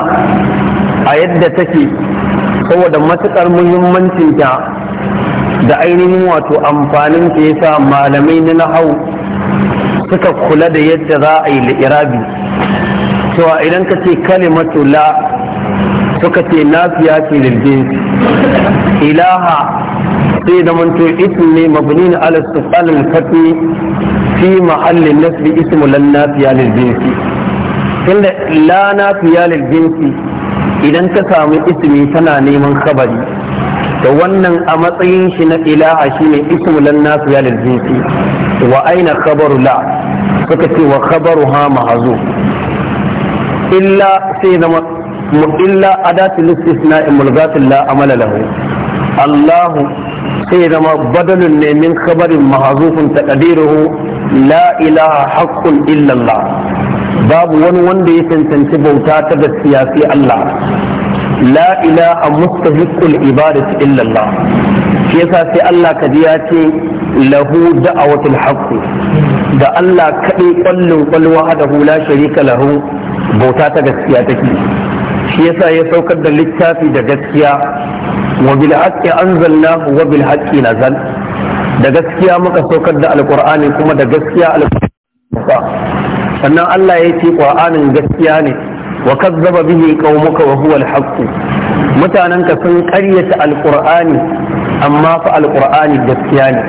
a yadda take saboda matukar muhimmancin ta da ainihin wato amfanin ta yasa malamai na nahau suka kula da yadda za a yi li'irabi cewa idan ka ce kalimatu la suka ce nafiya ce liljin ilaha sai da manto ism ne mabni na ala suqal fi mahallin nasbi ismu lan nafiya tunda la na fiyalil jinsi idan ka samu ismi tana neman khabari to wannan a matsayin shi na ilaha shi ne ismu lan na fiyalil jinsi wa aina khabaru la suka ce wa khabaru ha mahazu illa sai zama illa adatul in mulgatul la amala lahu Allahu sai zama badalun ne min khabarin mahazufin taqdiruhu la ilaha haqqun allah. babu wani wanda ya cancanci bauta ta gaskiya sai Allah la ilaha mustahiqul ibadati illa Allah shi yasa sai Allah kaji ya ce lahu da'awatul haqq da Allah kadai kwallon kwalwa hula la sharika lahu bauta ta gaskiya take shi yasa ya saukar da littafi da gaskiya wa bil haqqi anzalnahu wa bil haqqi nazal da gaskiya muka saukar da alqur'ani kuma da gaskiya alqur'ani sannan Allah ya ce Qur'anin gaskiya ne wa kazzaba bihi qaumuka wa huwa al-haqq mutananka sun ƙaryata alqur'ani amma fa alqur'ani gaskiya ne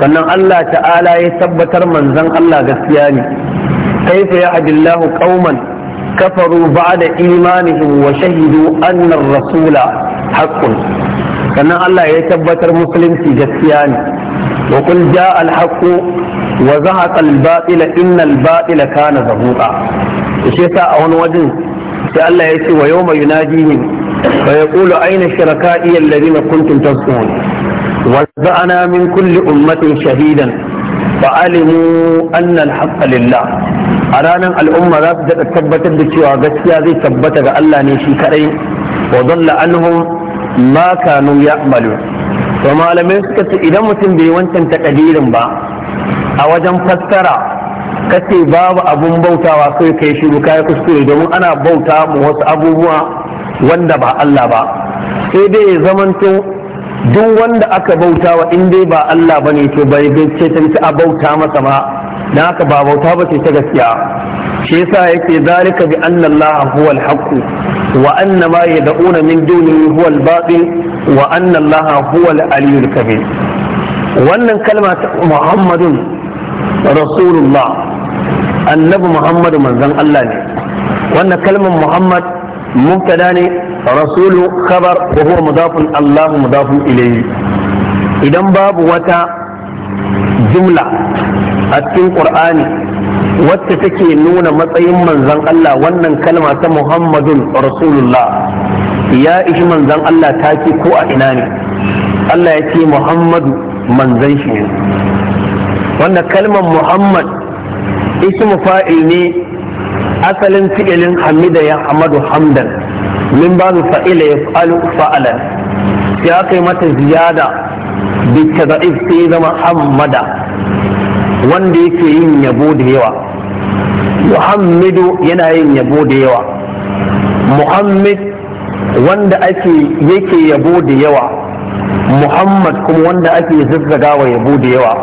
sannan Allah ta'ala ya tabbatar manzon Allah gaskiya ne kaifa ya adillahu qauman kafaru ba'da imanihim wa shahidu anna ar-rasula haqqun sannan Allah ya tabbatar musulunci gaskiya ne wa qul ja'a al wa zahaqa al-batila innal batila kana zahuqa shi yasa a wani wajen sai Allah ya ce wa yawma yunadihim fa yaqulu ayna shuraka'i alladhina kuntum tazkurun وزعنا من كل أمة شهيدا فعلموا أن الحق لله a ranar al'umma za su daɗa tabbatar da cewa gaskiya zai tabbata ga Allah ne shi kaɗai wa zalla anhum ma kanu ya'malu to malamai suka ce idan mutum bai wancan takadirin ba a wajen fassara kace babu abun bautawa sai kai shiru kai kuskure domin ana bauta mu wasu abubuwa wanda ba Allah ba sai dai ya zamanto duk wanda aka bauta wa in dai ba Allah bane to bai gace ta a bauta masa ma dan haka ba bauta ba ce ta gaskiya shi yasa yake zalika bi anna Allah huwal haqq wa anna ma yad'una min dunihi huwal batil wa anna Allah huwal aliyyul kabir wannan kalma ta Muhammadun rasulullah annabi muhammadu manzan Allah ne wannan kalmar muhammad mubtada ne rasulu khabar wa huwa mudafun Allahu mudafun ilayhi idan babu wata jumla a cikin qur'ani wacce take nuna matsayin manzon Allah wannan kalma ta muhammadun rasulullah ya ishi manzan Allah take ko a ina ne Allah ya ce muhammadu manzan shi ne wanda kalmar muhammad ismu fa'il ne asalin fi'ilin hamida ya hamadu hamdan min babu fa'ila ya fa'alu fa'alan sai aka yi mata ziyada bitta da sai zama hamada wanda yake yin yabo da yawa muhammadu yana yin yabo da yawa muhammad wanda ake yake yabo da yawa muhammad kuma wanda ake zazzagawa yabo da yawa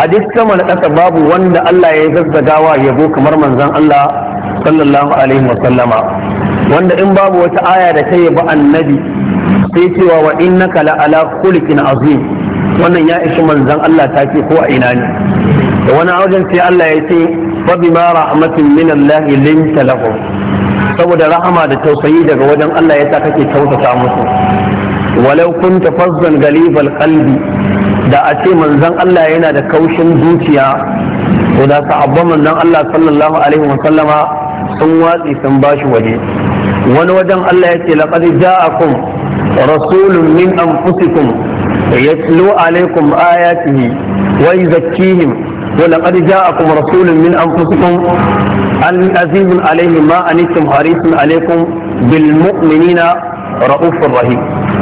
a duk sama na ƙasa babu wanda Allah ya wa yabo kamar manzon Allah sallallahu alaihi wa sallama wanda in babu wata aya da ta yaba annabi sai cewa wa innaka la ala khuliqin azim wannan ya ishi manzon Allah ce ko a ina ne da wani wajen sai Allah ya ce fa bima rahmatin min Allah linta lahum saboda rahama da tausayi daga wajen Allah ya sa kake tausasa musu walau kunta fazzan galibal qalbi da a ce manzon Allah yana da kaushin zuciya to da sahabban manzon Allah sallallahu alaihi wa sallama sun watsi sun bashi waje wani wajen Allah ya ce laqad ja'akum rasulun min anfusikum yatlu alaikum ayatihi wa yuzakkihim ولقد جاءكم رسول من انفسكم عزيز ma ما انتم حريص عليكم بالمؤمنين رؤوف رحيم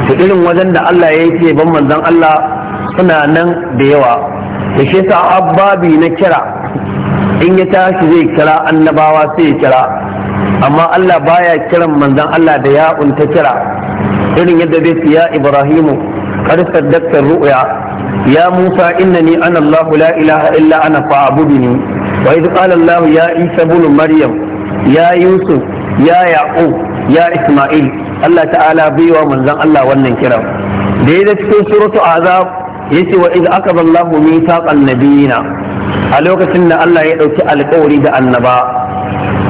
to irin wajen da Allah ya ce ban manzon Allah suna nan da yawa da shi sa abbabi na kira in ya tashi zai kira annabawa sai ya kira amma Allah baya kiran manzon Allah da ya unta kira irin yadda zai ce ya Ibrahimu qad saddaqta ru'ya ya Musa innani ana Allah la ilaha illa ana fa'budni wa idh qala Allah ya Isa ibn Maryam ya Yusuf ya Yaqub ya Isma'il Allah ta'ala bai wa manzon Allah wannan kiran da ya cikin suratu azab yace wa iz akaba Allahu mithaqan nabiyina a lokacin da Allah ya dauki alƙawari da annaba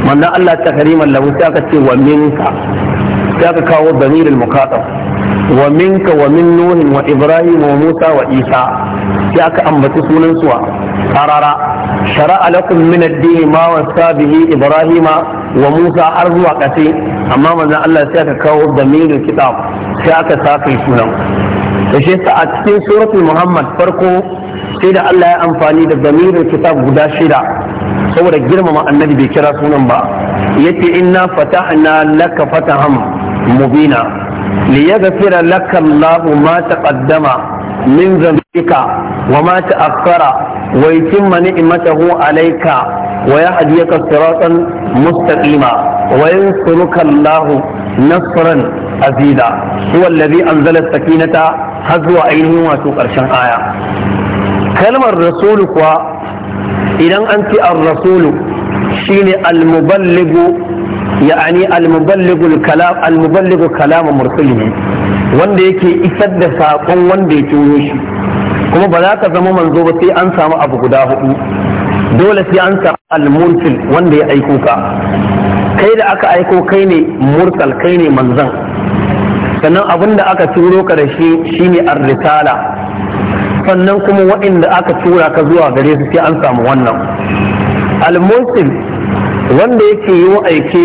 manzon Allah ta kariman lahu sai aka ce wa minka sai aka kawo damirul muqatab wa minka wa min nuhin wa ibrahim wa musa wa isa sai aka ambaci sunan suwa qarara shara'a lakum min ad-din ma wasa bihi ibrahima wa musa har zuwa kace amma manzon Allah sai aka kawo damirul kitab sai aka saka sunan da shi a cikin suratul muhammad farko sai da Allah ya amfani da zamirin kitab guda shida saboda girmama annabi bai kira sunan ba ce inna fatahna laka fatahan mubina liyaghfira laka Allah ma taqaddama min dhanbika wa ma ta'akhkhara wa yutimma ni'matahu alayka wa yahdiyaka siratan mustaqima wa yansuruka Allah nasran aziza huwa alladhi anzala as-sakinata har zuwa ainihin wato ƙarshen aya kalmar rasulu kuwa idan an ce ar-rasulu shine al-muballighu ya'ani al-muballighu kalam al-muballighu kalam mursalin wanda yake isar da saƙon wanda ya turo shi kuma ba za ka zama manzo ba sai an samu abu guda hudu dole sai an samu al-mursil wanda ya aiko ka kai da aka aiko kai ne mursal kai ne manzan sannan abin da aka turo ka da shi shine ar-risala sannan kuma waɗanda aka tura ka zuwa gare su sai an samu wannan al-musil wanda yake yi wa aike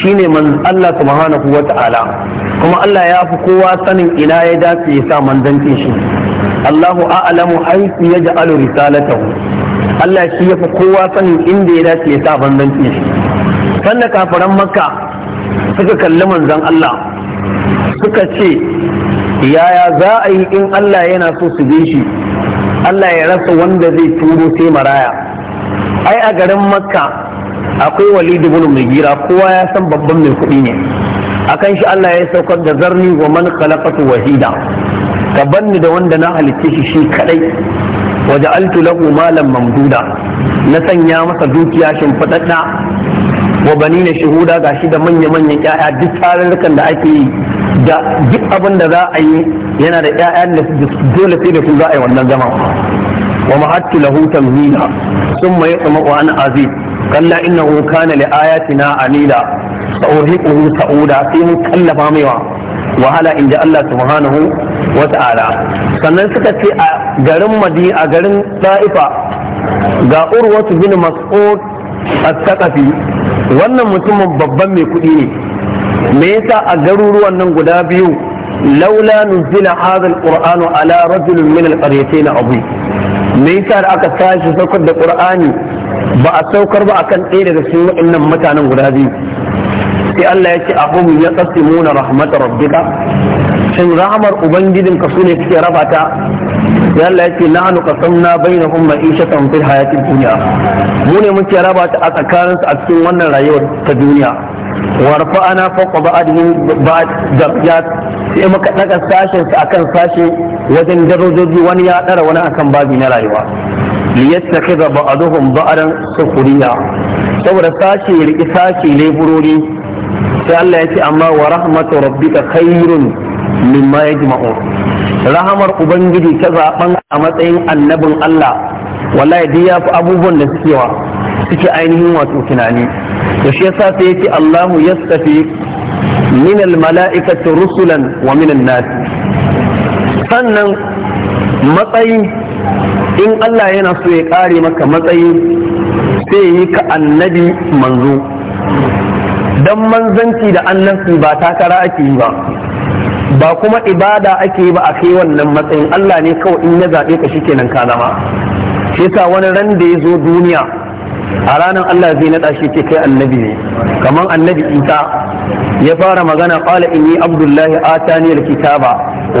shine man Allah subhanahu wata'ala kuma Allah ya fi kowa sanin ina ya dace ya sa manzancin shi Allahu a'lamu haythu yaj'alu risalatahu Allah shi ya fi kowa sanin inda ya dace ya sa manzancin shi sannan kafaran makka suka kalli manzon Allah suka ce yaya za a yi in Allah yana so su bi shi Allah ya rasa wanda zai turo sai maraya ai a garin makka akwai walid mai mugira kowa ya san babban mai kuɗi ne akan shi Allah ya saukar da zarni wa man khalaqatu wahida ka banni da wanda na halicce shi shi kadai waje ja'altu lahu Malam mamduda na sanya masa dukiya shimfidadda wa na shuhuda gashi da manya manyan ƴaƴa duk tarurrukan da ake yi da duk abin da za a yi yana da ƴaƴan da dole sai da su za a yi wannan zama wa ma'attu lahu tamhila thumma yatma wa ana aziz kalla innahu kana li ayatina anila sa'urhiquhu sa'uda sai mun kallafa wa wahala in ji Allah subhanahu wa ta'ala sannan suka ce a garin madi a garin ta'ifa ga urwatu bin mas'ud at-taqafi wannan mutumin babban mai kudi ne me yasa a garuruwan nan guda biyu laula nuzila hadha alquran ala rajul min alqaryatayn abu me yasa da aka tashi saukar da qur'ani ba a saukar ba akan ɗaya daga cikin waɗannan mutanen guda biyu sai Allah ya ce a ahum yaqsimuna rahmat rabbika shin rahmar ka sune suke raba ta sai Allah ya ce nahnu qasamna bainahum ma'ishatan fil hayatid dunya mu ne muke raba ta a tsakaninsu a cikin wannan rayuwar ta duniya warfa'ana fawqa ba'dihim ba'd darajat sai muka daga sashen su akan sashe wajen darajoji wani ya dara wani akan babi na rayuwa liyattakhidha ba'dhum ba'dan sukuriya saboda sashe riki sashe leburori sai Allah ya ce amma wa rahmatu rabbika khairun mimma yajma'un rahamar ubangiji ta zaben a matsayin annabin Allah wallahi duk ya fi abubuwan da suke wa suke ainihin wato tunani to shi yasa sai yake Allahu yastafi min al rusulan wa min nas sannan matsayi in Allah yana so ya kare maka matsayi sai yi ka annabi manzo dan manzanci da annabci ba takara ake yi ba ba kuma ibada ake yi ba a kai wannan matsayin Allah ne kawai in ya zaɓe ka shikenan ka zama shi yasa wani ran da ya zo duniya a ranar Allah zai naɗa shi ce kai annabi ne kamar annabi Isa ya fara magana qala inni abdullahi atani alkitaba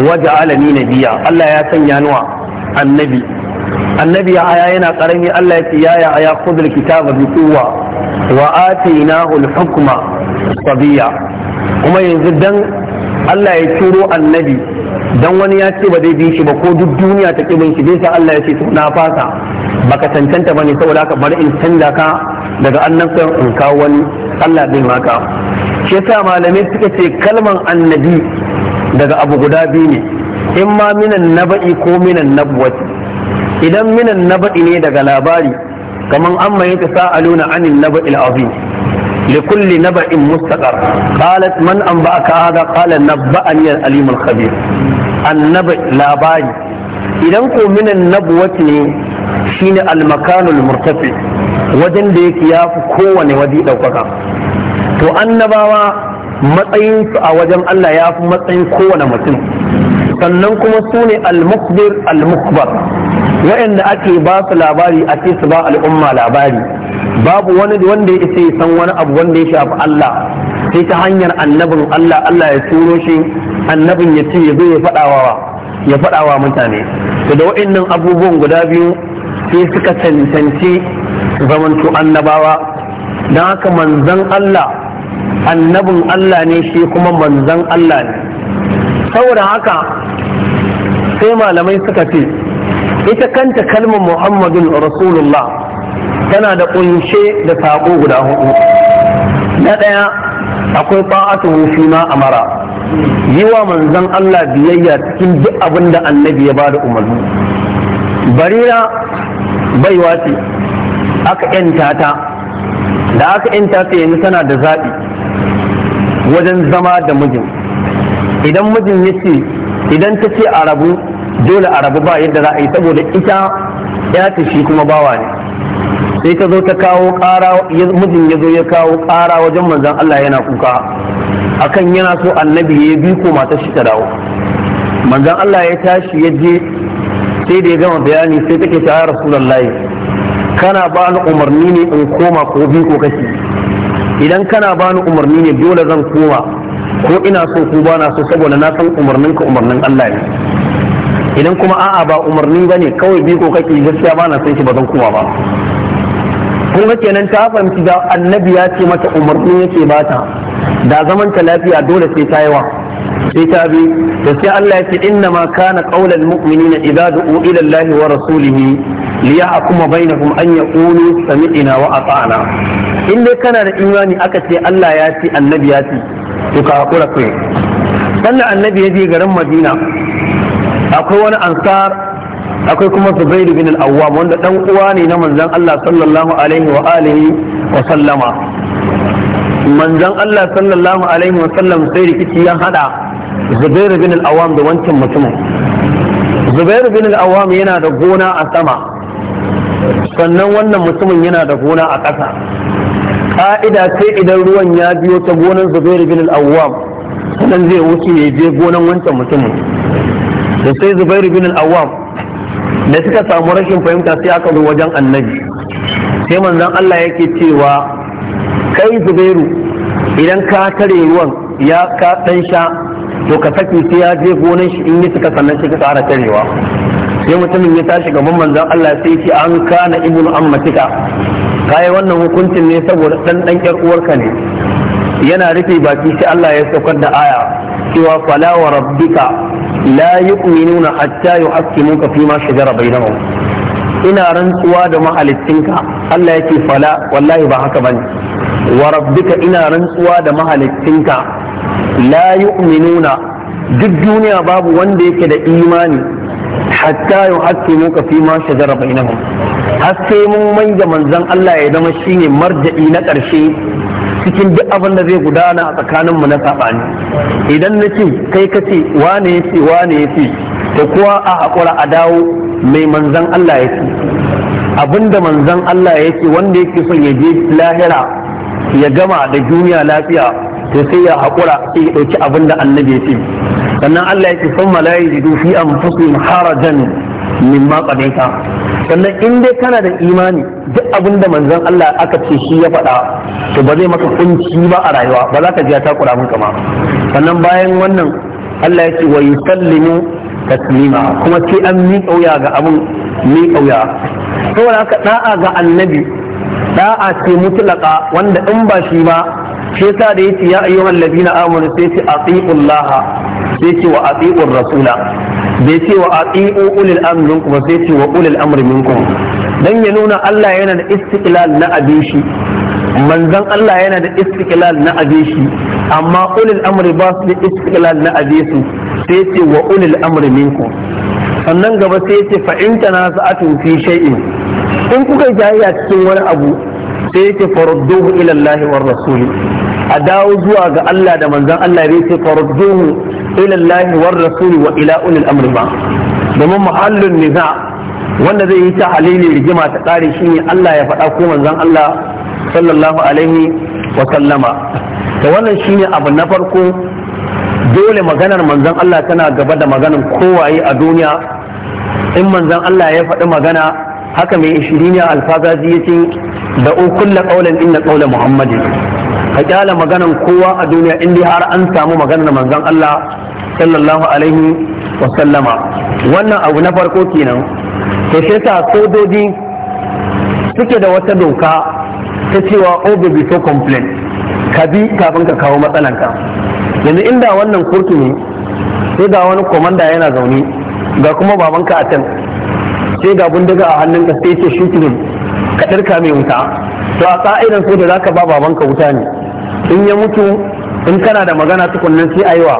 wa ja'alani nabiyya Allah ya sanya nuwa annabi annabi ya aya yana karami Allah ya ce ya ya aya khudh kitaba bi quwwa wa atainahu al-hukma sabiya kuma yanzu dan Allah ya turo annabi dan wani ya ce ba zai bi shi ba ko duk duniya ta kibin shi bisa Allah ya ce to na fasa baka tantanta bane saboda haka bari in canza ka daga annabin in kawo wani Allah bai maka shi yasa malamai suka ce kalman annabi daga abu guda biyu ne in ma minan naba'i ko minan nabwati idan minan naba'i ne daga labari kaman an mai ta sa'aluna anin naba'il azim لكل نبأ مستقر قالت من أنبأك هذا قال نبأني الأليم الخبير annabi labari idan ko minan nabuwati ne shine almakanul murtafi wajen da yake ya fi kowane waje ɗaukaka to annabawa su a wajen Allah ya fi matsayin kowane mutum sannan kuma su ne al-mukbir al-mukbar ake ba su labari a ce su ba al'umma labari babu wani wanda ya isa san wani abu wanda ya shafi Allah sai ta hanyar annabin Allah Allah ya turo shi annabin ya ce ya zo ya faɗawa ya mutane da wa'annan abubuwan guda biyu sai suka cancanci zamantu annabawa don haka manzan Allah annabin Allah ne shi kuma manzan Allah ne saboda haka sai malamai suka ce ita kanta kalmar muhammadin rasulullah tana da kunshe da saƙo guda hudu na ɗaya akwai ta'atu fi ma amara yi wa manzon Allah biyayya cikin duk abin da annabi ya bada umarni barira baiwa ce aka yanta ta da aka yanta ta yanzu tana da zaɓi wajen zama da mijin idan mijin ya ce idan ta ce a rabu dole a rabu ba yadda za a yi saboda ita ya ta shi kuma bawa ne sai ta zo ta kawo ƙara mijin ya zo ya kawo ƙara wajen manzan Allah yana kuka akan yana so annabi ya bi ko matar shi ta dawo manzon Allah ya tashi ya je sai da ya gama bayani sai take ta rasulullahi kana ba ni umarni ne in koma ko bi ko kashi idan kana ba ni umarni ne dole zan koma ko ina so ko ba na so saboda na san ka umarnin Allah ne idan kuma a'a ba umarni ba ne kawai bi ko kake gaskiya ba na san shi ba zan koma ba kun kenan ta fahimci da annabi ya ce mata umarni yake bata da zaman ta lafiya dole sai ta yawa sai ta bi da sai Allah ya ce inna ma kana qaulal mu'minina idza du'u ila Allah wa rasulihi liyahkuma bainahum an yaqulu sami'na wa ata'na in dai kana da imani aka ce Allah ya ce annabi ya ce to ka hakura kai sannan annabi ya je garin Madina akwai wani ansar akwai kuma zubairu bin al-awwam wanda dan uwa ne na manzon Allah sallallahu alaihi wa alihi wa sallama manzon Allah sallallahu alaihi wa sallam sai rikici ya hada zubairu bin al-awwam da wancan mutumin zubairu bin al-awwam yana da gona a sama sannan wannan mutumin yana da gona a ƙasa ka'ida sai idan ruwan ya biyo ta gonan zubairu bin al-awwam sannan zai wuce ya je gonan wancan mutumin da sai zubairu bin al-awwam da suka samu rashin fahimta sai aka zo wajen annabi sai manzon Allah yake cewa kai zubairu idan ka tare ruwan ya ka dan sha to ka saki sai ya je gonan shi in yi suka sannan shi ka tsara tarewa sai mutumin ya tashi gaban manzon Allah sai ce an kana ibnu ammatika kai wannan hukuncin ne saboda dan dan yar uwarka ne yana rufe baki sai Allah ya saukar da aya cewa fala wa rabbika la yu'minuna hatta yuhaqqimuka fi ma shajara bainahum ina rantsuwa da mahalittinka Allah yake fala wallahi ba haka bane wa rabbika ina rantsuwa da mahalittinka la yu'minuna duk duniya babu wanda yake da imani hatta yuhaqqimuka fi ma shajara bainahum har sai mun mai da manzon Allah ya zama shine marja'i na ƙarshe cikin duk abin da zai gudana a tsakanin mu na sabani idan na ce kai ka ce wane ya ce wane ya ce to kuwa a haƙura a dawo mai manzan Allah ya ce abinda manzan Allah ya ce wanda yake son ya je lahira ya gama da duniya lafiya to sai ya haƙura sai ya ɗauki abinda annabi ya ce sannan Allah ya ce sun malayi jidu fi an harajan min ma qadaita sannan in dai kana da imani duk abin da manzon Allah aka ce shi ya faɗa to ba zai maka kunci ba a rayuwa ba za ka ji ta kura mun kama sannan bayan wannan Allah ya ce wa yusallimu taslima kuma sai an miƙa wuya ga abin miƙa wuya saboda haka da'a ga annabi da'a ce mutlaka wanda in ba shi ba sai yasa da yace ya ayyuhal ladina amanu sai ce atiqullaha sai ce wa atiqur rasula bai ce wa atiu ulil amri minkum ba sai ce wa ulil amri minkum dan ya nuna Allah yana da istiqlal na abishi manzon Allah yana da istiqlal na abishi amma ulil amri ba su da istiqlal na abisu sai ce wa ulil amri minkum sannan gaba sai ce fa in tanaza'atun fi shay'in in kuka jayya cikin wani abu sai ce farudduhu ila Allah war rasul a dawo zuwa ga Allah da manzon Allah bai ce farudduhu ila Allah war rasul wa ila ulil amri ba domin muhallin niza wanda zai yi ta halili rigima ta kare shine Allah ya faɗa ko manzon Allah sallallahu alaihi wa sallama to wannan shine abu na farko dole maganar manzon Allah tana gaba da maganar kowaye a duniya in manzon Allah ya faɗi magana haka mai ishiriniya alfazazi ce da ukulla qawlan inna kaula muhammadin ka kyala maganan kowa a duniya in har an samu maganar manzon Allah sallallahu alaihi wa sallama wannan abu na farko kenan to sai ta sojoji suke da wata doka ta cewa obi before complaint ka bi kafin ka kawo matsalanka yanzu inda wannan kurki ne sai ga wani komanda yana zaune ga kuma babanka a can sai ga bindiga a hannunka sai ce shi ka mai wuta to a ƙa'idan so da ka ba babanka wuta ne in ya mutu in kana da magana tukunnan sai aiwa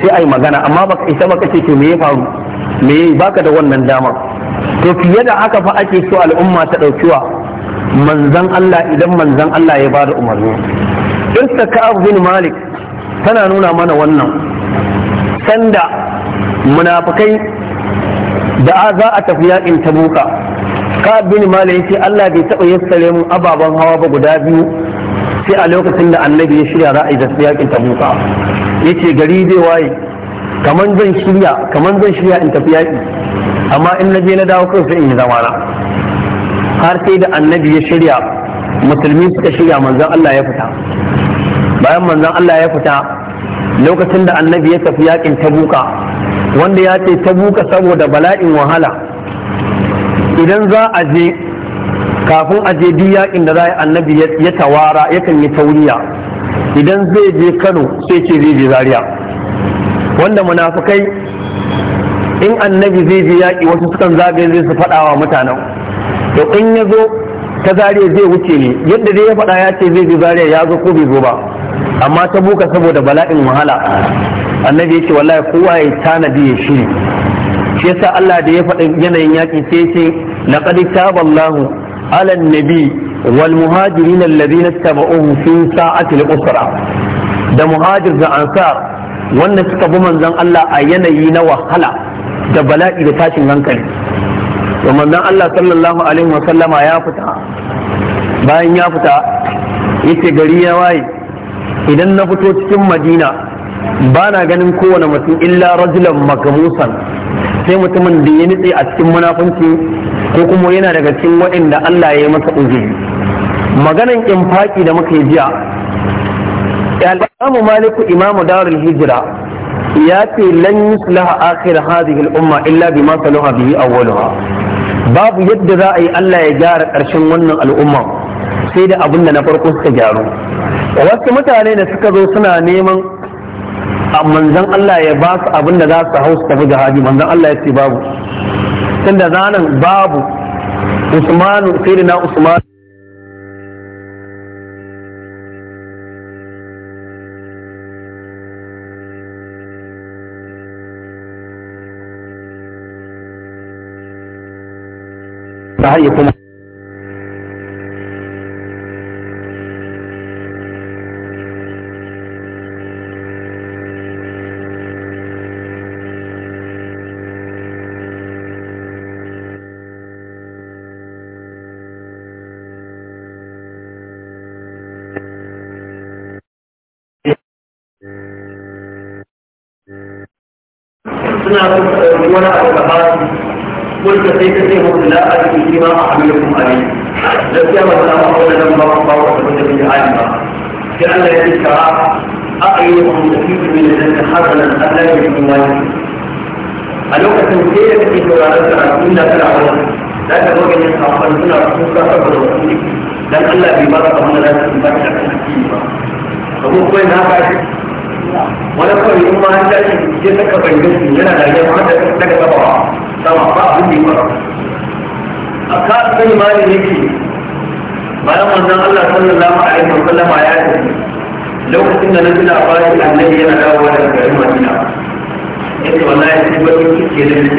sai ai magana amma baka isa baka ce to me ya faru me baka da wannan dama to fiye da haka fa ake so al'umma ta daukiwa manzan Allah idan manzan Allah ya bada umarni irsa ka'ab bin malik tana nuna mana wannan sanda munafikai da za a tafi yakin tabuka ka bin malik yace Allah bai taba yassare mun ababen hawa ba guda biyu sai a lokacin da annabi ya shirya za a yi yakin ya ce gari zai waye kamar zan shirya kamar zan shirya in tafi yaƙi amma in na je na dawo kai in yi zamana har sai da annabi ya shirya musulmi suka shirya manzon Allah ya fita bayan manzon Allah ya fita lokacin da annabi ya tafi yakin tabuka wanda ya ce tabuka saboda bala'in wahala idan za a je kafin a je duk yakin da za annabi ya tawara yakan yi tauriya idan zai je Kano sai ce zai je Zaria wanda munafukai in annabi zai je yaƙi wasu sukan zagaye zai su wa mutanen to in ya zo ta zariya zai wuce ne yadda dai ya faɗa ya ce zai je zariya ya zo ko bai zo ba amma ta buka saboda bala'in wahala annabi ya ce wallahi kowa ya tanadi ya shiri shi yasa Allah da ya faɗa yanayin yaƙi sai ce laqad taballahu على النبي والمهاجرين الذين اتبعوه في ساعة الأسرة ده مهاجر ده أنصار وأن تتبو من ذن الله أيني وهلا ده بلاء إذا تاشن هنكلي ومن ذن الله صلى الله عليه وسلم يا فتاة باين يا فتاة يتقري يا واي إذا نفتو تكم مدينة ba na ganin kowane mutum illa rajulan makamusan sai mutumin da ya nitse a cikin munafunci ko kuma yana daga cikin waɗanda Allah ya yi masa uzuri maganan infaki da muka yi jiya al-imamu maliku imamu darul hijira ya ce lan yuslaha akhir hadhihi al-umma illa bima salaha bihi awwalaha babu yadda za a yi Allah ya gyara ƙarshen wannan al'umma sai da abin da na farko suka gyaru wasu mutane da suka zo suna neman manzon Allah ya ba su abin da za su hau su tafi jihadi manzon Allah ya ce babu tunda zanen babu usmanu sai na har kuma suna so su ɗauki wani abu da basu kun da sai ka ce mu la a cikin shi ma a hamilukum alai gaskiya ba za mu aure nan ba ba wa ta da bin ali ba sai Allah ya ce ka aqayyuhum tafitu min al-jannati hasanan alla yakun wajib a lokacin sai da kake sauraron karatu da kana wannan za ka ga ganin sahabban suna kuka saboda wasu ne dan Allah bai ba ka wannan da su ba ta kan ba kuma kai na ba wani kawai in ma an tashi ya saka bangaji yana da wanda da daga gabawa sama ba abin da ya a kasu kai ma ne yake bayan wannan Allah sallallahu alaihi wa sallama ya ce lokacin da na ji a annabi yana dawowa daga garin Madina yace ya sai bari kike da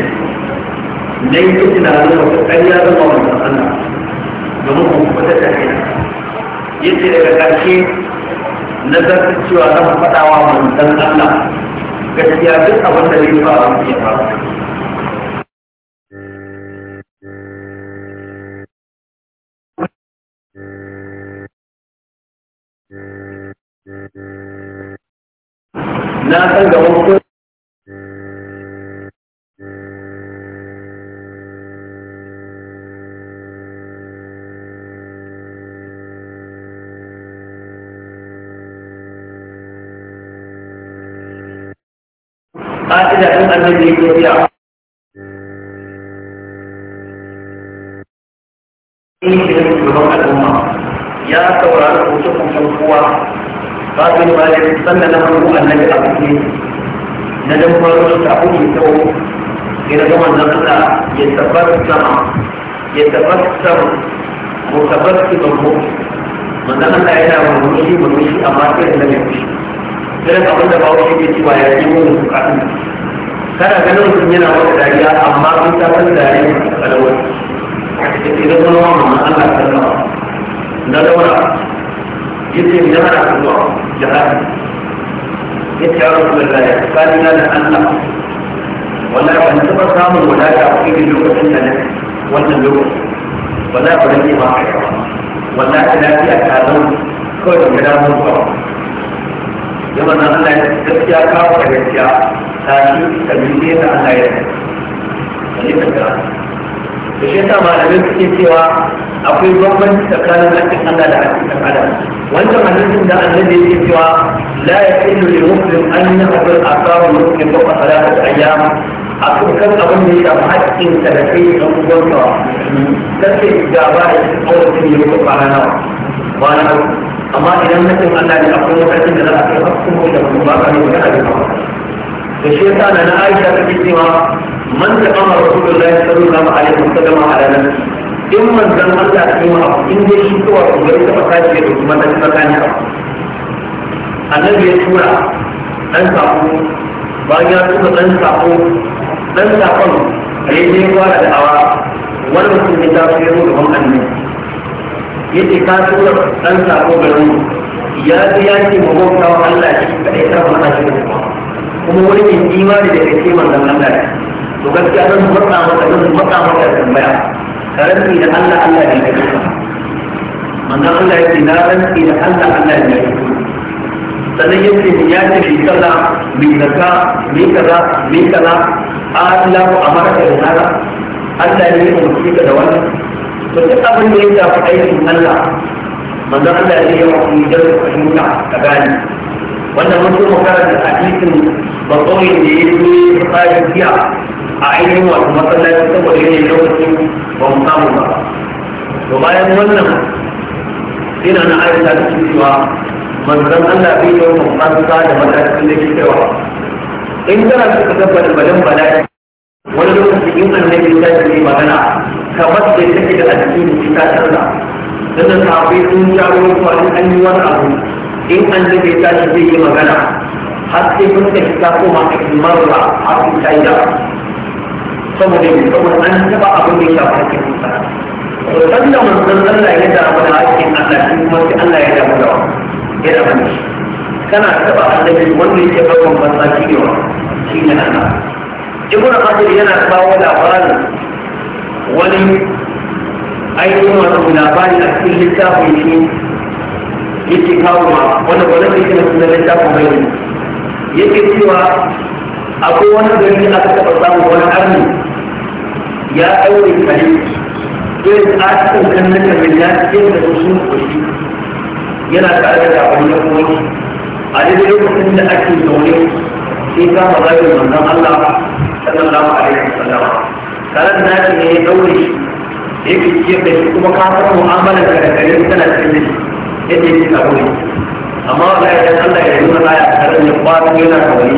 Na yi dai kike da zuwa kai ya zama wannan Allah domin ku fata ta kai yace daga karshe na zarfi cewa na faɗawa manzan Allah gaskiya duk abin da zai faru ya faru na san gaban ko ka'ida in da ya tafiya ya saurari hukuncin kowa ba bayan sannan na hannu annabi a kuke na dan faru da abu ke tsawo ina ga wannan Allah ya tabbata ya tabbata mutabbata ba mu wannan Allah yana murmushi murmushi amma sai da mai kushi sai abin da wani ke cewa ya yi mun bukatun kana ganin mutum yana wata dariya amma sun ta san dariya a kalmar yake da wa mamman Allah sallama na daura yace ni ana kuma jihadi yace ya rasu da dariya tsakanin da Allah wannan ban taɓa samun wadata a cikin lokacin da na wannan lokacin ba za ku rage ma a yawa wannan ta lafiya ta zama kawai da gudanar da ya manzan Allah ya gaskiya kawo da gaskiya shi ka bi yadda Allah ya yi wani ka ga to shi yasa malamin suke cewa akwai bambanci tsakanin hakkin Allah da hakkin ɗan adam wannan hadisin da annabi yake cewa la yahillu lil muslim an yahdur aqamu muslim fa salatu ayyam akwai kan abin da ya shafi hakkin sa da kai da ubansa sai ga ba da aure ne ko kwana nawa kwana amma idan mutum Allah ne akwai lokacin da za a kai hakkin da kuma ba ka ne da abin الشيطان انا عايشة تكتبها من تقام رسول الله صلى الله عليه وسلم على نفسه اما الزمن الله تقيمه ان دي شكوة وغيرت مكاشية وما تجي مكاني رب النبي يسوع ان تقوم باياتك ان تقوم ان تقوم ليجي قوال الأواء ولمسل متافيرون هم أنه yake ka tura ɗan sako garin ya ji yaki mahauta wa Allah shi ka ɗaya kuma wani mai imani da gaske nan nan ne to gaskiya zan matsa maka zan matsa maka tambaya ka rantsi da Allah Allah ne kake manzon Allah ya ce na rantsi da Allah Allah ne kake sannan ya ce ya ce mai kaza mai kaza mai kaza mai kaza Allah ku amara da haka Allah ne ya umarci ka da wannan to duk abin da ya shafi aikin Allah manzon Allah ne ya yi da fahimta ka gani wannan mun zo magana da hadisin bakawai da ya yi ya fara biya a ainihin wasu masallaci saboda yanayin lokacin ba mu samu ba to bayan wannan sai na na aisha da cewa manzon Allah bai yi wa mafasa da matakin da ke cewa in kana so ka tabbata balan bala'i wani lokaci in annabi ya tashi magana kamar da take da addini ta canza sannan sahabbai sun jawo wani an yi wani abu in annabi ya tashi zai yi magana har sai mun da ta koma a marra har sai ta yi saboda ne saboda an taba abin da ya shafi hakkin mutane to sanda manzon Allah ya damu da hakkin Allah shi kuma sai Allah ya damu da ya damu da shi kana taba annabi wanda yake bakon banza shi ne wa shi ne Allah ibnu hajar yana kawo labarin wani ainihin wato labari a cikin littafin shi yake kawo ma wanda ba zai kina sun zai ta kuma yi yake cewa akwai wani gari aka taɓa samun wani arni ya ɗaure kare ko yin asikin kan na kamar ya cikin da su sun kushi yana tare da wani yan uwanci a daidai lokacin da ake zaune sai ka kama zagin manzon Allah sallallahu alaihi wasallam karan nashi ne ya ɗaure shi yake ciyar da shi kuma ka san mu'amalar da kare tana cikin shi yadda yake sabo ne amma wallahi dan Allah ya nuna aya karin ya kwato yana kawai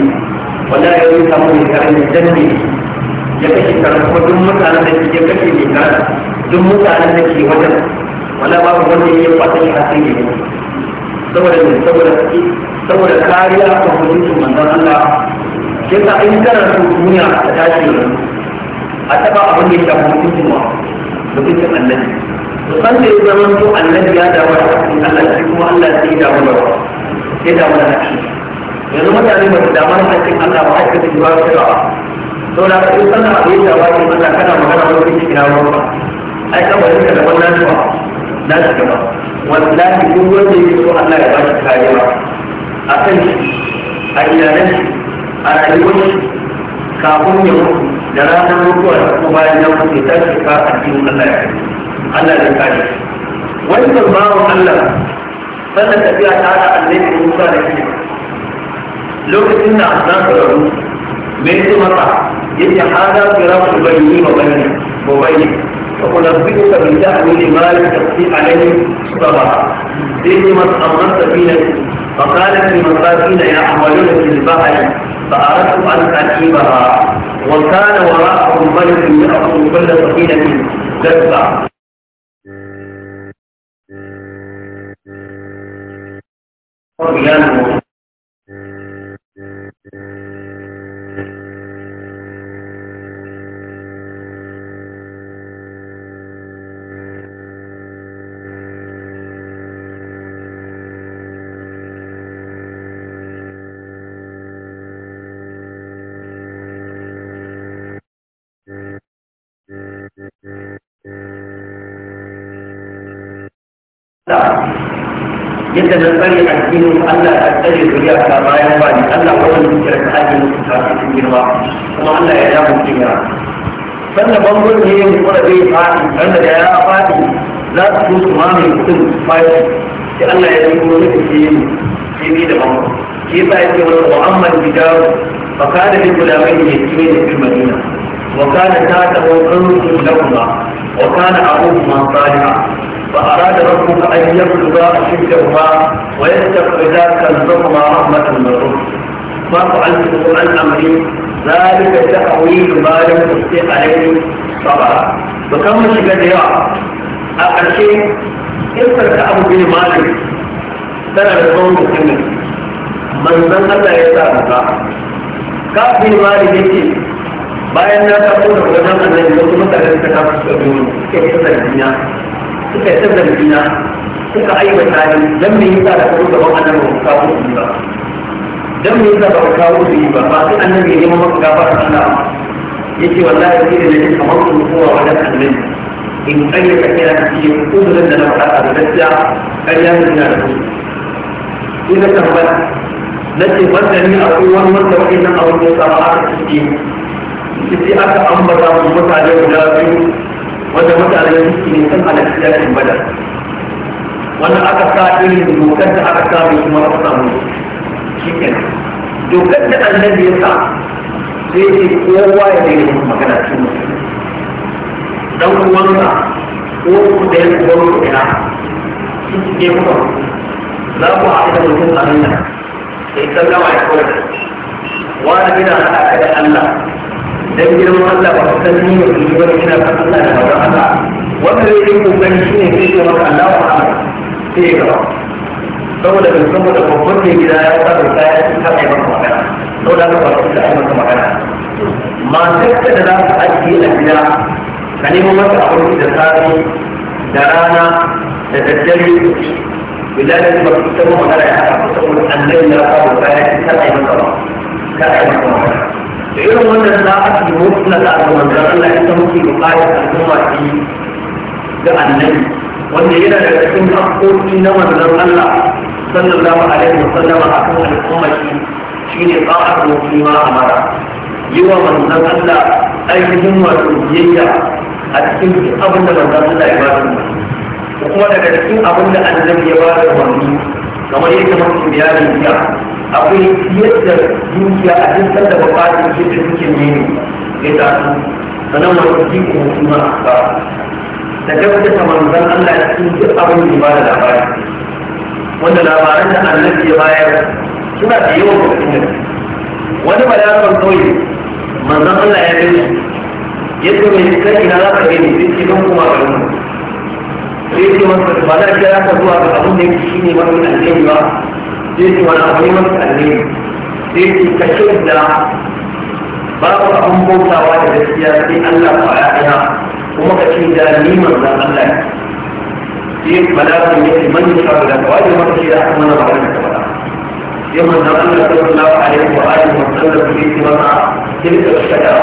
wallahi ya yi sabo ne karin ya danne ya kashe karin kuma duk mutanen da ke kashe ne karin duk mutanen da ke wajen wala babu wanda ya kwato shi yi sai ne saboda ne saboda saboda kariya ga hukuncin manzon Allah ke sa in karanta duniya ta tashi a taba abin da ya shafi hukuncin wa hukuncin annabi san da ya zama to annabi ya damu da hakki Allah shi kuma Allah shi ya damu da ya damu da hakki yanzu mutane ba su damar da hakkin Allah ba hakkin su ba su ba to da in san abu ya dawo ki Allah kana magana wani kike kira ruwa ba ai kamar yadda da wannan ne ba na shi gaba wallahi duk wanda yake so Allah ya ba shi kariya a kan shi a iyalan shi a rayuwar shi kafin ya mutu da ranar mutuwa da kuma bayan ya mutu ya tashi ka addinin Allah ya kai Allah zai kare wannan bawan Allah sannan tafiya ta hada annabi Musa da shi lokacin da za su rabu me su masa yake hada firaqul bayni wa bayni wa bayni fa unabbiuka bi ta'wili ma lam tasti alayhi sababa sai masa amma sabila فقالت لمساكين يعملون في البحر فأردت أن أجيبها وكان وراءهم ملك يأخذ كل سفينة لذة Ọ̀gbìn àná. yadda na tsare addinin Allah ta tsare zuriya ta bayan ba ni Allah wani zuciyar ta ake musu ta cikin girma kuma Allah ya damu kiya sannan bangon ne ya kura zai fadi sannan da ya fadi za su so su mamaye mutum fadi sai Allah ya yi wani da ke yi sai ni da bangon shi yasa yake wani mu'amman bidawo fa kana bi gulamai ne kime da fil madina wa kana ta ta hukuntu lahuma wa kana abuhuma salihah فأراد ربك أن يبلغ أشدهما ويستخرجا كنزهما رحمة من ربك ما فعلت عن أمري ذلك تأويل ما لم تستطع عليه صبرا وكم شكا يا آخر شيء إذكر كأبو بن مالك ترى رسول مسلم من من الله يسامك كأبو بن مالك يجي bayan na tafi da wajen annabi wasu mutane suka tafi suka biyu suke yin suka yi sanda juna suka aibata ni dan me yasa da kuma gaban annabi ba kawo su ba dan me yasa ba kawo su ba ba sai annabi ya nemo maka gafara Allah yace wallahi sai da nake kamar su kowa wajen annan in ayyuka kira cikin ko da da na faɗa da gaskiya ƙarya ne na da su sai na tambaya na ce masani a kowane wanda waɗannan abubuwa ba a ciki sai aka ambata mutane guda biyu wanda mutane suke ne sun halarci yakin bada wanda aka sa irin dokar da aka samu kuma aka samu shi kenan dokar da an ya sa sai ce kowa ya daina magana cikin musulmi dan uwansa ko ku da ya kuma ku ina shi ke kuma za ku haɗu da mutum a nan sai sallama ya kawai wani gina haɗa ka da Allah dan girman Allah ba ka san ni ne ba ne ina san Allah da wajen Allah wanda zai yi kokari shine sai ya maka Allah wa Allah sai ya gaba saboda bai saboda babban mai gida ya sa bai kaya sun ta mai maka magana saboda haka ba su da ai maka magana matarka da za ka ajiye a gida ka nemo masa abinci da safe da rana da daddare bilalin ba su taɓa magana ya haka saboda annabi ya sa bai kaya sun ta mai maka magana ka ai maka magana da irin wannan za a ci mutuna da ga manzon Allah ita muke bukatar al'umma ki da annabi wanda yana daga cikin haƙoƙi na manzon Allah sallallahu alaihi wa sallam a kan al'umma ki shine ta'atu fi ma amara yi wa manzon Allah ainihin wato biyayya a cikin abin da manzon Allah ya ba da kuma daga cikin abin da annabi ya ba da wani kamar yadda muke bayanin jiya akwai yadda dukiya a duk da bukatar ke da suke ne ya tasu sannan wani jiko kuma a ba da gaskata manzan Allah cikin duk abin da ba da labari wanda labaran da annabi ya bayar suna da yawan gaskiya wani bayanan kawai manzan Allah ya gani yadda mai kai ina za ka gani duk cikin kuma a garin sai ce masa ba za ka kira ka zuwa ga abin da yake shine mafi alheri ba دیتی والا غیمت علیم دیتی کشک دا بابا ہم کو تا واحد رسیہ کی اللہ کو آیا ہے وہ مکشی دا نیمت دا ملاك ہے دیت بلا من يشرب دا واحد مکشی دا من بہت رسیہ یہ من دا اللہ صلی اللہ علیہ وآلہ وسلم دیتی والا دیتی والا شجا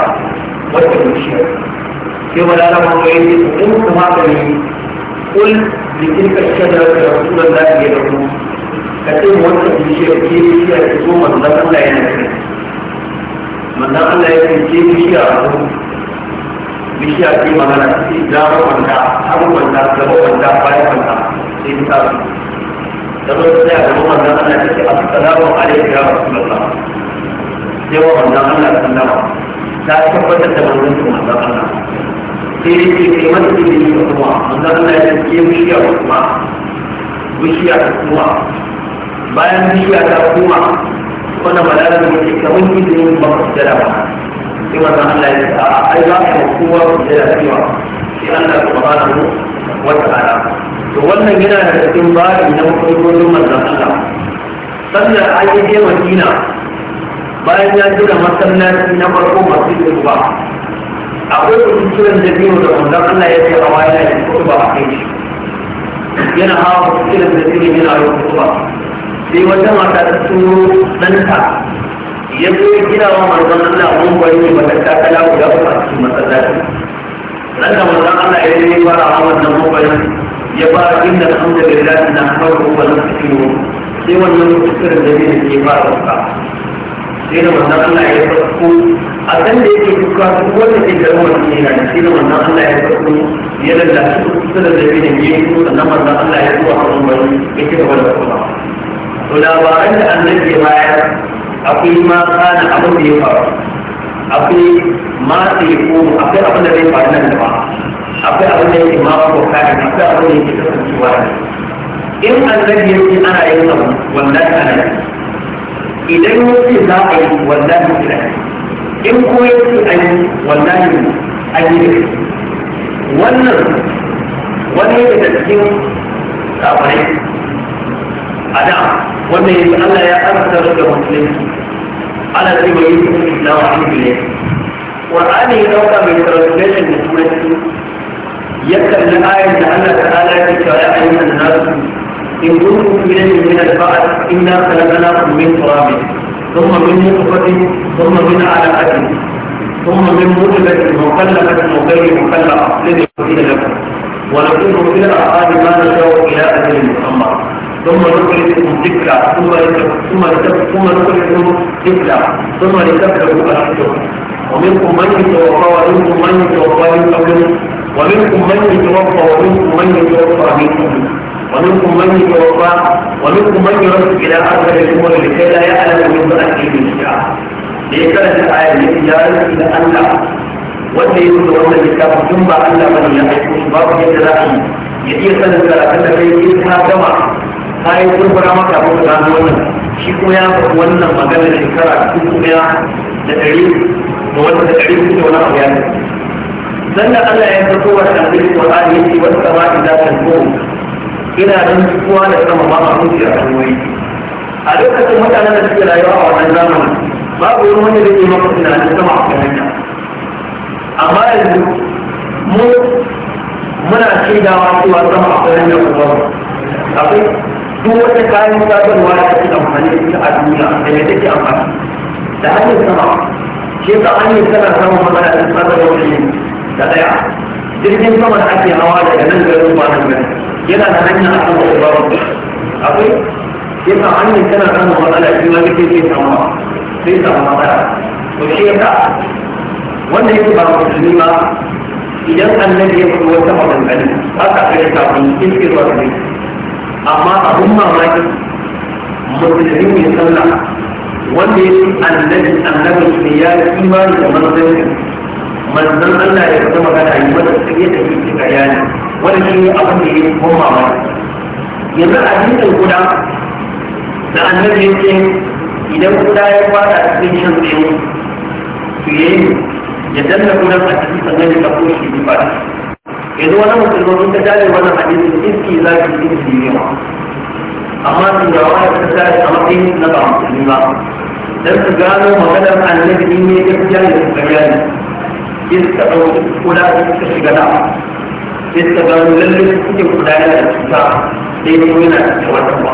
وچہ مشیر کہ بلا رہا ہم کو ایسی سکون کما کریں قل لتلك الشجرة رسول الله يدعو ka ce mu wannan bishiyar ke bishiya ta zo manzan Allah yana kai manzan Allah ya ce ke bishiya a zo bishiya ke magana ta ce dama wanda hagu wanda gaba wanda bayan wanda sai ta sa da zo ta tsaya gaba manzan Allah ta ce a assalamu alaikum ya rasu da rasulullah sai wa manzan Allah ta nama. ta tabbatar da manzon manzan Allah sai dai ke kai mata ilimi da kuma manzan Allah ya ce ke bishiya kuma bishiya kuma bayan biya ta koma wannan malalar da ke kamar izinin ba ku jira ba sai wannan Allah ya ce a ai za kuma kowa ku jira cewa sai Allah subhanahu wata ala. to wannan yana da cikin bari na mafarkokin manzon Allah sannan an yi je Madina bayan ya gina masallaci na farko masu yi ba akwai wasu kiran da biyu da manzon Allah ya ce a waya ya ba a kai shi yana hawa kiran da biyu yana yau ba sai wata mata ta turo ɗanta ya fi ya gina wa manzon Allah mun bari ne ba ta takala guda ba a cikin masallaci ran da manzon ana ya yi fara a wannan mun bari ya fara inda alhamdulillah na farko ba na cikin sai wannan kusurin da ne ke fara fuska sai da manzon ana ya farko a kan da yake fuska su wanda ke da wannan ne na sai da manzon ana ya farko ya lalace kusa da da ne ke sannan manzon ana ya zuwa a wannan bari ya ci gaba da fuska to labaran da annabi ya bayar akwai ma kana abin da ya faru akwai ma sai ko akwai abin da zai faru nan da ba akwai abin da yake ma ko kai akwai abin da yake kasancewa in annabi ya ce ana yin abu wannan ana idan ya ce za a yi wannan kira in ko ya ce an yi wannan an yi wannan wani daga cikin kafirai a da wannan yanzu Allah ya arzara da musulunci ana da riba yin na wani biliyar Qur'ani ya dauka mai translation da turanci ya kalli ayar da Allah ta ala ya cewa ya ayyukan nasu in kuntum fi rajin min al-ba'd inna khalaqnakum min turabin ثم من نطفة ثم من علقة ثم من مدبة مكلفة وغير مكلفة الذي قيل لكم ونقول في الأرحام ما نشاء إلى أجل مسمى ثم نخرجهم ذكرى ثم ثم ثم نخرجكم ذكرى ثم لتبلغوا اشدكم ومنكم من يتوفى ومنكم من يتوفى من قبلكم ومنكم من يتوفى ومنكم من يتوفى من قبلكم ومنكم من يتوفى ومنكم من يرد الى ارض الامور لكي لا يعلم من بعده من شاء ليكانت الايه التي جاءت الى ان wanda ya zo wannan littafin tun ba Allah bane ya aiko shi babu yadda za a yi ya iya sanin karatun da kai in ka gama kayan kurkura maka abu da gano wannan shi kuma ya faɗi wannan magana shekara dubu ɗaya da ɗari da wata da ɗari da wani abu ya ne sannan Allah ya fito wa annabi Qur'ani yake wata sama idan kan ko ina nan kowa da sama ba ma mutu a hanyoyi a lokacin mutanen da suke rayuwa a wannan zamanin babu wani wanda zai yi maka tunanin sama a hanya amma yanzu mu muna shaidawa cewa sama a hanya kuma akwai duk wata kayan sadarwa da ake amfani da ita a duniya da ya take amfani da hanyar sama shi yasa hanyar tana samun matsala da sadarwa da yin da daya jirgin sama da ake hawa daga nan garin ba nan garin yana da hanya a kan wasu babu akwai yasa hanyar tana samun matsala shi ma kake ke samu sai samu matsala to shi yasa wanda yake ba musulmi ba idan annabi ya fito wata maganganu haka kai kafin iskirwa da amma abin mamaki mutane mai sallah wanda ya fi annabi annabi ne ya yi imani da manzanni manzan Allah ya zama da yi mata sai da tafi ta yana wanda shi ne abin da ya fi mamaki yanzu a cikin guda da annabi ya ce idan guda ya fara cikin shan tsaye su yi ya danna gudan a cikin sannan ya kafo shi ba yanzu wani musulmi ta tare wannan hadisi iski za ki iski ne ma amma turawa da ta tare a matsayin na ba musulmi ba dan su gano maganar annabi din ne gaskiya da su kariya ne iska ɗau kuda suka shiga da iska gano lallai suke kuda da cuta sai ne yana da wannan ba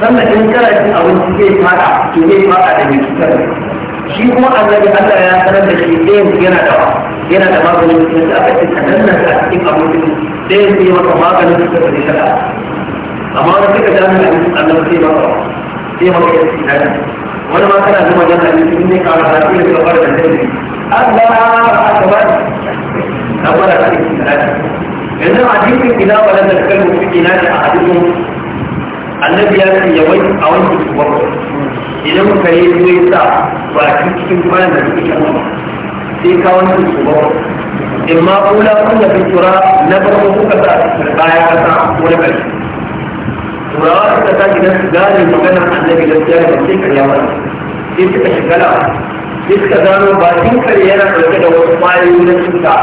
sannan in kana cin abinci zai fada to zai fada da mai cutar shi kuma annabi Allah ya sanar da shi ɗayan yana da yana da maganin da aka ce ka nan nan a cikin abincin sai ya yi maka maganin da ka rika amma wani suka ja mai abincin Allah sai maka sai maka ya ci nan wani ma kana zama jan abincin ne ka rasa sai ka fara da dai Allah akbar amma da kake ci nan yanzu a cikin ina wala da kalmu cikin nan a hadisin annabi ya ce yawai a wani kuwa idan ka yi zuwa sa ba cikin kwanan da suke kan sai ka wani tsuba in ma kula kun da tura na farko kuka sa bayan kasa ko na ƙarshe turawa suka sa gidan su gane magana annabi gaskiya da sai karya wani sai suka shigala sai suka gano ba tinkar yana ɗauke da wasu ƙwayoyi na cuta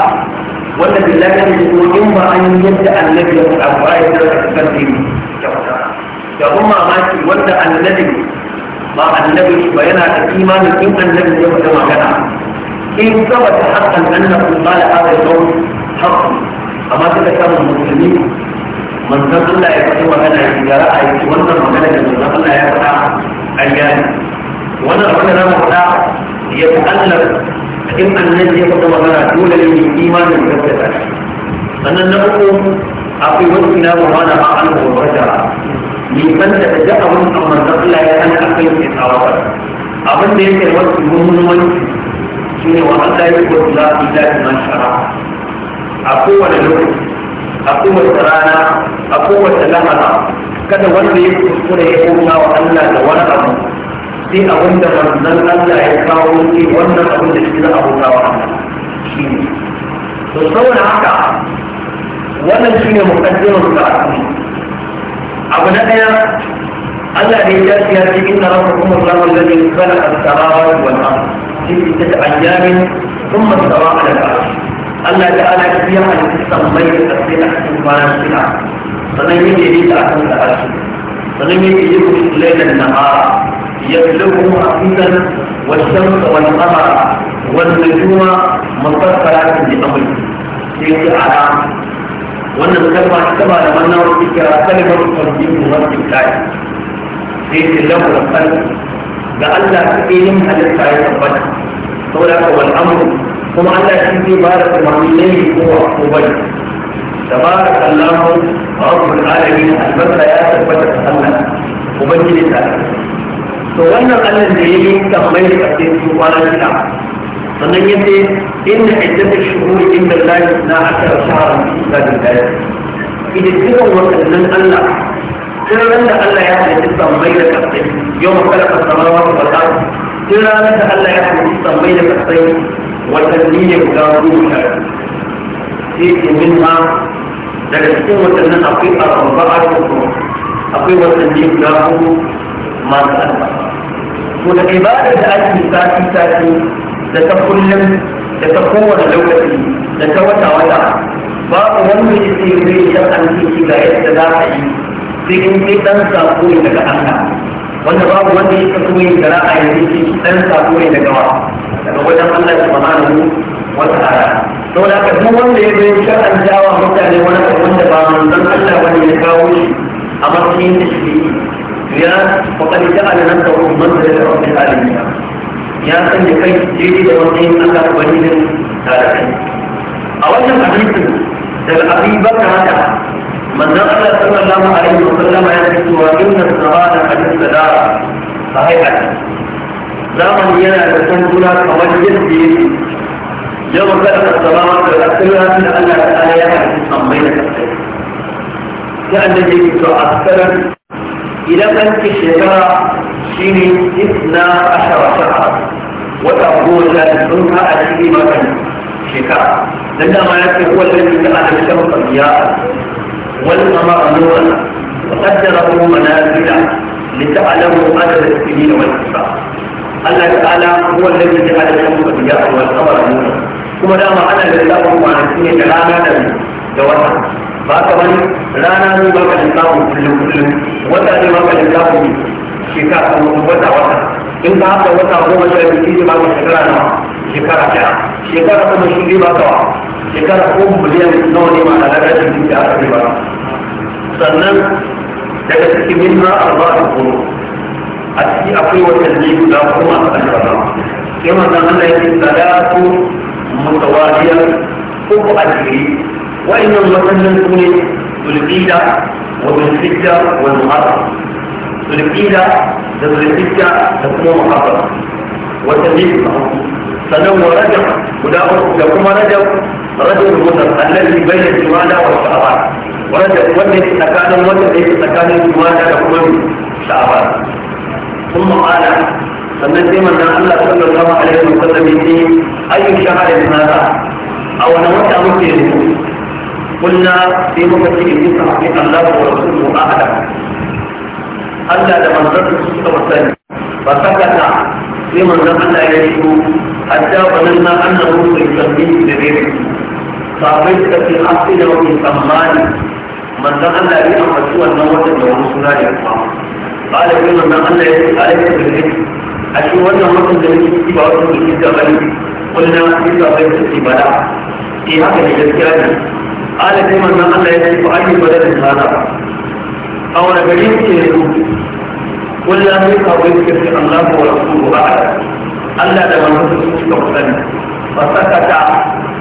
wanda billahi ne ko in ba an yi yadda annabi ya faɗa ba ya tsara da kan dini da wata da kuma mamaki wanda annabi ba annabi ba yana da imanin in annabi ya faɗa magana إن ثبت حقا أنه قال هذا القول حق أما تتكلم المسلمين من ذكر لا يفتح أنا إذا رأيت وأنا من ذكر لا يفتح أيان وأنا وأنا لم أفتح يتألم إما الذي يفتح وأنا دون إيمان يفتح أنا نقوم أقول وجهنا وأنا أعلم والرجع لمن لا أمر ذكر الله أن أقيم أبن أبدا الوقت من shi ne wa Allah ya ko la ila man shara a kowane lokaci a kowace rana a kowace lahara kada wanda ya kuskure ya kuma wa Allah da wani abu sai abin da manzon Allah ya kawo shi wannan abin da shi za a bauta wa Allah shi ne to saboda haka wannan shi ne muqaddimar karatu abu na ɗaya Allah ne ya ce inna rabbakum Allahu alladhi khalaqa as-samawati wal arda في ستة أيام ثم استوى على العرش الله تعالى فيها أن تسمي الأسئلة سبحانه وتعالى فمن يجري تأكل العرش فمن يجري الليل النهار يبلغه حفيظا والشمس والقمر والنجوم مطفرات بأمره في على wannan kalma ita ba da manna wani kira kalmar kwanjin wani kai sai ke lamuran kalmar ga Allah suke yin halitta ya tabbata saboda haka wal amru kuma Allah shi zai ba da umarni ne kowa ko bane تبارك الله رب العالمين البركة يا تبارك الله وبجل تعالى فوانا قال الزيلي تخمير أبدين سبحانه وتعالى sannan ya ce inda iddatar shuhuri inda Allah na aka shahara da Allah idan dukan waɗannan Allah سيران ده الله يحيي تسمى بين كفتين يوم خلق السماوات والأرض سيران ده الله يحيي تسمى بين كفتين والتنين يقدرون فيه منها daga cikin watannin akwai arba a cikin akwai watanni guda hudu masu alba to da ibada da ake sati sati da ta kullum da ta kowane lokaci da ta wata wata babu wanda ya ce zai yi an ga yadda za a yi sai in kai dan sako ne daga Allah wanda babu wanda yake so yin sana'a yanzu shi dan sako ne daga wa daga wajen Allah subhanahu wa ta'ala saboda haka duk wanda ya zo shar'an jawa mutane wani abin da ba manzon Allah bane ya kawo shi a matsayin da shi ya faqad ja'ala nafsahu manzila rabbil alamin ya sanya kai daidai da matsayin Allah ubangijin tare a wannan hadisin daga abin baka haka من نقل صلى الله عليه وسلم يقول وإن الزمان قد استدار صحيحا زمن ينا تسنتنا كمجد دين يوم خلق السماوات والأرض من أن تعالى يحدث أمرين كثيرا كأن الذي تؤثر إلى أنت الشتاء شيني إثنى عشر شهرا وتقول لا تنهى أشياء مثلا شتاء لأن ما يكفي هو الذي جعل الشمس ضياء والقمر نورا وقدره منازل لتعلموا عدد السنين والحساب الله تعالى هو الذي جعل الشمس ضياء والقمر نورا ثم دام انا لله عن السنين لا نادم جوهر باك من لا نادم بركه الله كل كل وتعني بركه الله في وتا وتا in ba haka wata goma sha biyu zai ba ka shekara na shekara ɗaya shekara kuma shi zai ba ka wa shekara ko miliyan nawa ne ma da rashin jiki da aka ba sannan daga cikin min ma arba da kuma a ciki akwai watanni guda kuma a kan rana sai manzon Allah ya ce salatu mutawaliya ko ko ajiri wa'annan watannin su ne zulhijja wa zulhijja wal muharram تركيلا تركيلا تكون محضرة وتجيب الأرض فنو رجب ولاؤه يقوم رجب رجب المدر الذي بين الجمالة والشعبات ورجب وجد سكان الوجد سكان الجمالة يقوم شعبات ثم قال فنزم أن الله صلى الله عليه وسلم يقيم أي شهر هذا أو أنا وجه أمكي قلنا في مفتي الإنسان في الله ورسوله أعلم حتى إذا منظر الصوت والثاني فسكت في منظر لا يجده حتى ظننا أنه سيسميه بغيره فقلت في حقنا وفي سماني من ظن لي أن مسوى أن رسولا قال في من ظن لي عليك بالحكم أشوف أن الله قد يجب بعض الكتاب غريب قلنا في صفحة في بلاء في حق الجزائر قال في من ظن لي أن يجب أن هذا او نجدين كيلو كل امريكا ويذكر في أملاك ورسوله بعد الا لمن هو سوء توكل فسكت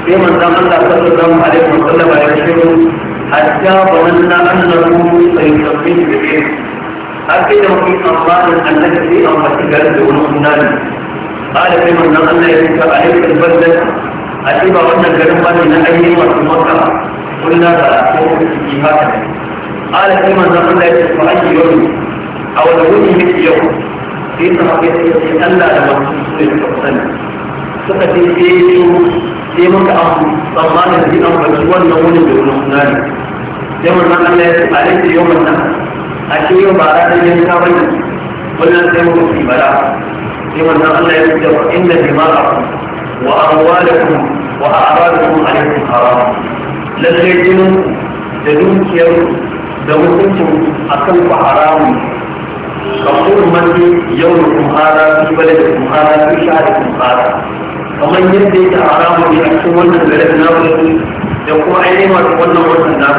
في من زمن الله صلى الله عليه وسلم يشير حتى ظننا انه سيسميه به اكيد في أمراض اموال التي في امرك جلد ونقل قال في من زمن الله يشير عليك البلد اجيب ان الجنوب من اي وقت مكه قلنا فلا تؤمن في جهاتك قال كما نقول لا أي يوم أو لو يمت يوم في صحابية يوم ألا لما تصبح الحسن سكتي في سيمك أم صلى في أم رجوان نقول بأنه يوم ما لا يتفع عليك يوم النهر أشياء بارات يمكن قلنا سيمك في بلاء يوم ما أن لا يتفع إن دماءكم وأموالكم وأعراضكم عليكم حرام لن يجنوا لنوكيكم da hukuncin a kan ku haramun ka hurmatu yau da kumhara su bala da kumhara su sha da kumhara kamar yadda yake haramun ne a cikin wannan garin na wani da kuma ainihin wasu wannan wannan na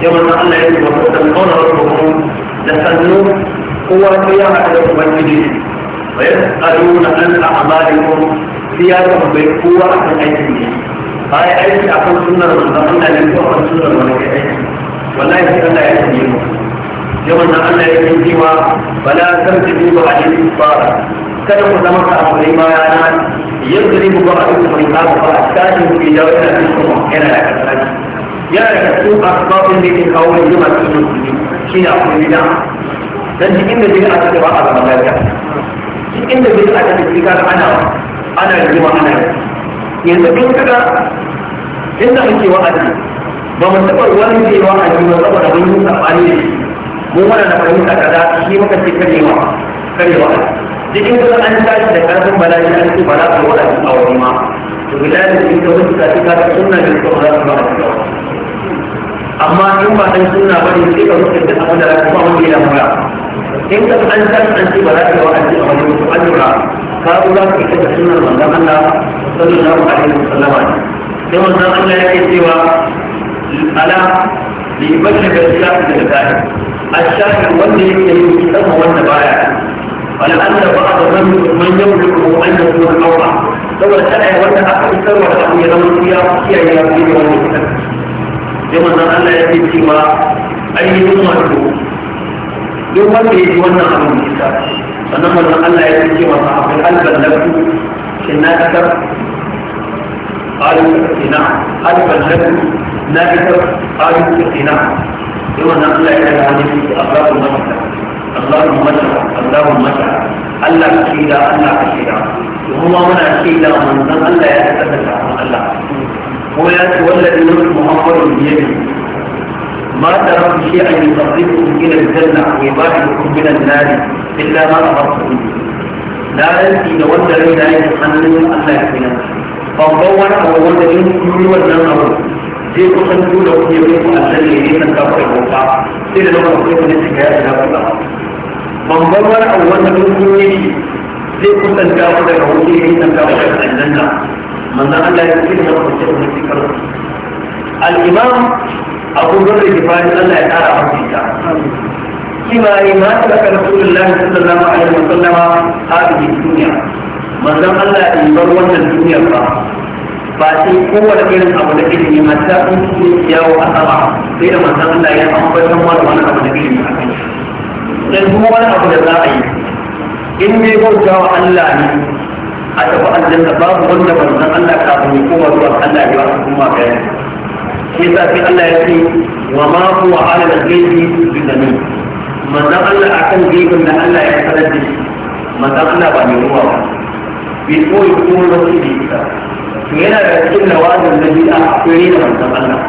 ya wani Allah ya ce wa kusan kauna wasu hukumu da sannu kowa ta ya haɗa da ubangiji wa ya tsaro na an a'amalin siyasa bai kowa a kan aikin ne ba ya aiki a kan sunar manzan Allah ne ko a kan sunar wani aiki wallahi sai Allah ya tsaye mu sai wannan Allah ya yi cewa bala tarjibu ba alil fara kada ku zama ka amurai baya na yanzu ne ku ba a duk mai ba ba a tashin ku da wani abin kuma yana da kasance yana da kasu a kafin da ke kawo ne zuma cikin musulmi shi ne akwai bida dan cikin da bida aka ba a zama lafiya cikin da bida aka tafi kaga ana ana rigima ana yanzu kun kaga inda ake wa'azi ba mu taɓa cewa a juna saboda mun yi saɓani ne mu mana da fahimta kaza shi muka ce karewa karewa cikin kuma an tashi da ƙarfin bala'i an ce bala ko wala a wurin ma to bi da cikin da wasu tafi ka ta sunna da ko za su ba a cikin amma in ba ɗan sunna ba ne sai ka rufe da abin da za ka ba wani yana mura in ka an tashi an ce ba za su wada a wani mutum an lura ka za ka ita da sunan manzon Allah sallallahu alaihi wasallam ne sai manzon Allah yake cewa الألم ليبلغ الشاهد الثاني الشاهد والذي يمكن له والنبايا ولأن بعض من من يملكه أن يكون الأوضع لو الشرع وأن أكثر وأن يرون فيها فيها يمكن أن يكون أن ألا يكون سوى أي نمره duk wanda ya ji wannan الكتاب da ita sannan wannan Allah ya ce cewa sahabbai alban lafi shin na kasar na fitar ayoyin kirkina sai wannan Allah ya daga hannun shi Allahu mata Allahu mata Allahu mata Allah ka shaida Allah ka shaida kuma muna shaida manzon Allah ya tsaka da Allah ko ya ce wallahi nuru Muhammadu biyadi ما ترى شيئا يقربكم الى الجنه ويباعدكم من النار الا ما امرتم به لا ينسي لو ان لا يتحمل الله يحملنا فالضوء او ولد يوم كل ولد sai kusan dole ku yi wani aljanna ne san ka fara bauta sai da lokacin sai wani shiga ya shiga kuɗa bamban wani abu wanda mutum ya yi sai kusan ka fara daga wuce ya san ka fara aljanna manzan Allah ya ce da wani sai wani shiga al-imam abu zar da kifani Allah ya kara hafita kima yi ma ta daga rasulullahi sallallahu alaihi wa sallama hadisi duniya manzan Allah ya bar wannan duniyar ba ba sai kowane irin abu da ilimi hatta in su yawo a sama sai da manzon Allah ya ambatan wani wani abu da ilimi a kai dan kuma wani abu da za a yi in mai bauta wa Allah ne a tafi aljanna babu wanda manzon Allah kafin ya koma zuwa Allah ya wasu kuma bayani shi yasa sai Allah ya ce wa ma huwa ala al-ghaibi bi zamin manzon Allah akan gaibin da Allah ya sanar da shi manzon Allah ba mai ruwa ba bai koyi kuma wasu ne yana da cikin nawazin na bi'a akwai da manzon Allah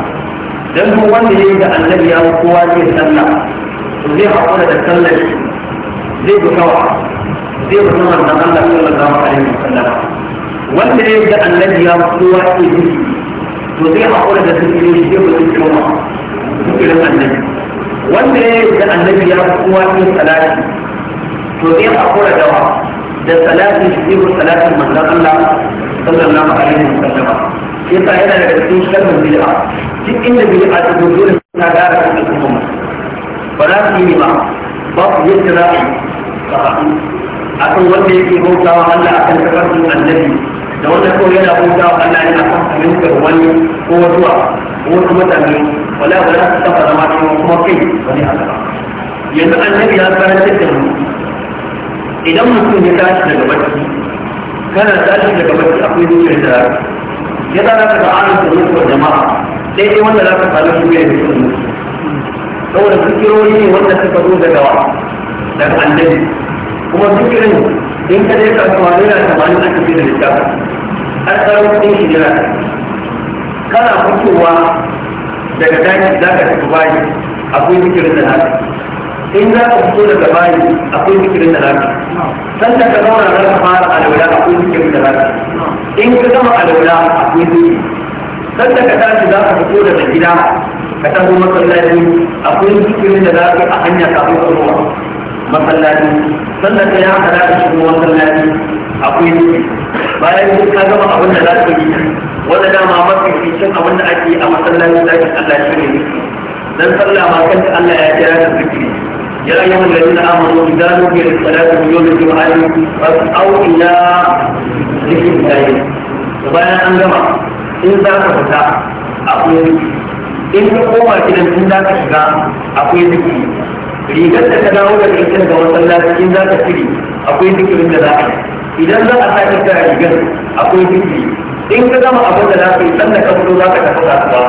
dan duk wanda ya yi da annabi ya kowa ce sallah to zai haƙura da sallar zai bi kawa zai bi manzon Allah sallallahu alaihi wasallam wanda ya yi da annabi ya kowa ce zikiri to zai haƙura da zikiri zai bi zikirin ma zikirin annabi wanda ya yi da annabi ya kowa ce salati to zai haƙura da wa da salatin shi ko salatin manzon Allah sallallahu alaihi wasallam shi ta yana da cikin sharrin bid'a duk inda bid'a ta zo dole ta gara da al'umma ba za su yi ba ba su yadda za su akan wanda yake bautawa Allah akan tafarkin annabi da wanda kawai yana bautawa Allah ne akan fahimtar wani ko zuwa wasu mutane wala ba za su taba zama cikin kuma kai wani Allah yanzu annabi ya karanta da mu idan mutum ya tashi daga barci kana tashi daga barci akwai dukkan da ya za ka ga ana da mutuwar jama'a dai wanda za ka faru su ne da mutum saboda zikirori ne wanda suka zo daga daga annabi kuma zikirin in ka dai kasuwa na tamani aka fi da littafin har tsaron kudin shi jira kana fitowa daga daji za ka tafi bayi akwai zikirin da nasa إن أصول الجبال أقول في كلنا ذلك فأنت كذبنا على الكفار على ولا أقول في كلنا ذلك إن كذب على ولا أقول في فأنت كذبت ذاك أصول الجبال كتبوا مثل الذي أقول في كلنا ذلك أحن يتابع الله مثل الذي فأنت يا حلاك شبه مثل الذي أقول في بايد كذب أقول لذلك جيدا ولا ما مرت في شيء أقول لأجي أمثل الذي لا يسأل الله شيء dan sallama kanta Allah ya jira da zikri يا أيها الذين آمنوا إذا نودي للصلاة من يوم الجمعة أو إلى ذكر الله وبيان أن جمع إن ذاك فتاة أقول إن تقوم إلى إن ذاك شجاع أقول ذكري rigar da ta dawo da ita daga masallaci in za ta shiri akwai zikirin da za a idan za a sake ta rigar akwai zikiri in ka gama abin da za ka yi sannan ka fito za ka tafi kasuwa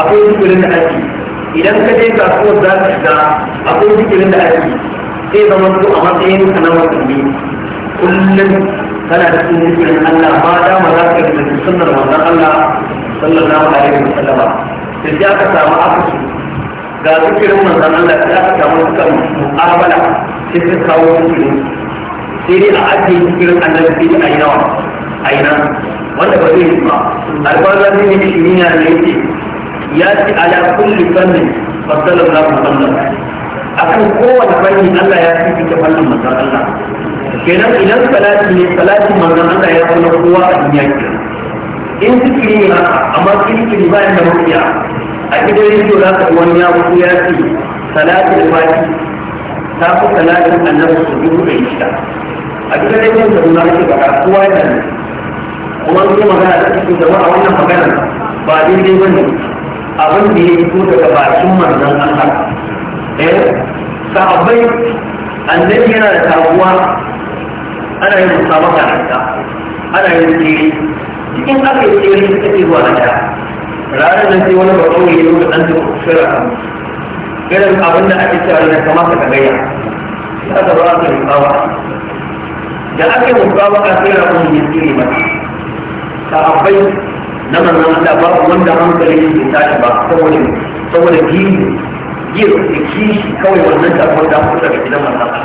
akwai zikirin da ake idan ka je kasuwar za ka shiga akwai zikirin da ake sai zama su a matsayin ka na kullum kana da cikin zikirin Allah ba dama za ka yi da sunnar manzon Allah sallallahu alaihi wa sallam sai ya ka samu akasu ga zikirin manzon Allah sai aka samu suka mu'amala sai ka kawo zikirin sai dai a ajiye zikirin Allah sai a yi nawa a yi nan wanda ba zai yi ba albaza ne ne shirina ne yake ya ce a ala kulli fannin fasalar na musamman a kan kowane fanni Allah ya fi fita fannin manzan Allah kenan idan salati ne salatin manzan Allah ya kuma kowa a duniya ke in zikiri ne haka amma kirkiri ba da mafiya a gidan rediyo za ka wani ya mutu ya ce salatin fati ta fi salatin annabi su biyu da shida a gidan rediyon da nuna ake baka kowa yana ne kuma su magana da cikin jama'a wannan magana ba daidai ba ne abin da ya fito daga bakin manzon Allah eh sahabbai annabi yana da taguwa ana yin musabaka da ita ana yin tsere cikin aka yi tsere suka ce zuwa na ranar nan sai wani bako ya yi ɗan da shira irin abin da ake cewa da kamata ka gaya ya ka ba ka musawa da aka yi musabaka sai rakon ya tsere mata sahabbai na manzon Allah babu wanda hankali ke tashi ba saboda saboda gini giro da kishi kawai wannan tafiyar da kusa da gidan manzon Allah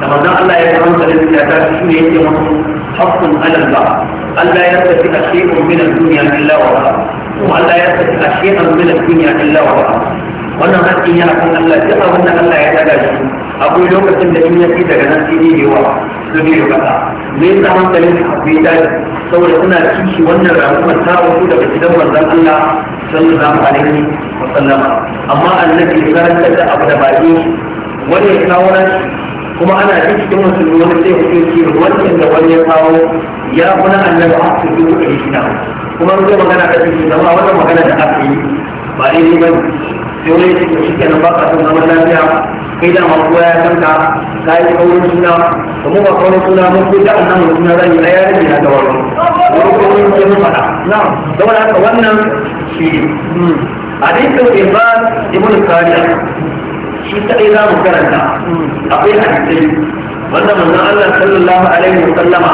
da manzon Allah ya hankali da tashi shi ne yake musu hakkun alal ba Allah ya tafi a shekun minan duniya illa wa ba kuma Allah ya tafi a shekun minan duniya illa wa ba wannan hakkin yana kan Allah duk abin da Allah ya daga shi akwai lokacin da in ya fi daga nan sai ne yawa zamiru kasa me yasa hankalin sahabbai da saboda suna kishi wannan ramuwar ta wasu daga gidan manzon Allah sallallahu alaihi wa sallam amma annabi ya karanta da abu da baki wani ya kawo nashi kuma ana jin cikin musulmi wani sai hukunci wancan da wani ya kawo ya kuna annabi a cikin kuɗi shida kuma mun zai magana da cikin zama wannan magana da aka yi ba daidai ba ne sai wani ya ce shi kenan ba ka son zaman lafiya kai da ma kowa ya san ka ka yi kaurin suna da mu ba kaurin suna mun ko da annan mu suna zan yi a yaran ne na da wani wani kaurin sun faɗa na saboda haka wannan shi hadisin ibad ibn kariya shi kadai za mu karanta akwai hadisai wanda manzon Allah sallallahu alaihi wa sallama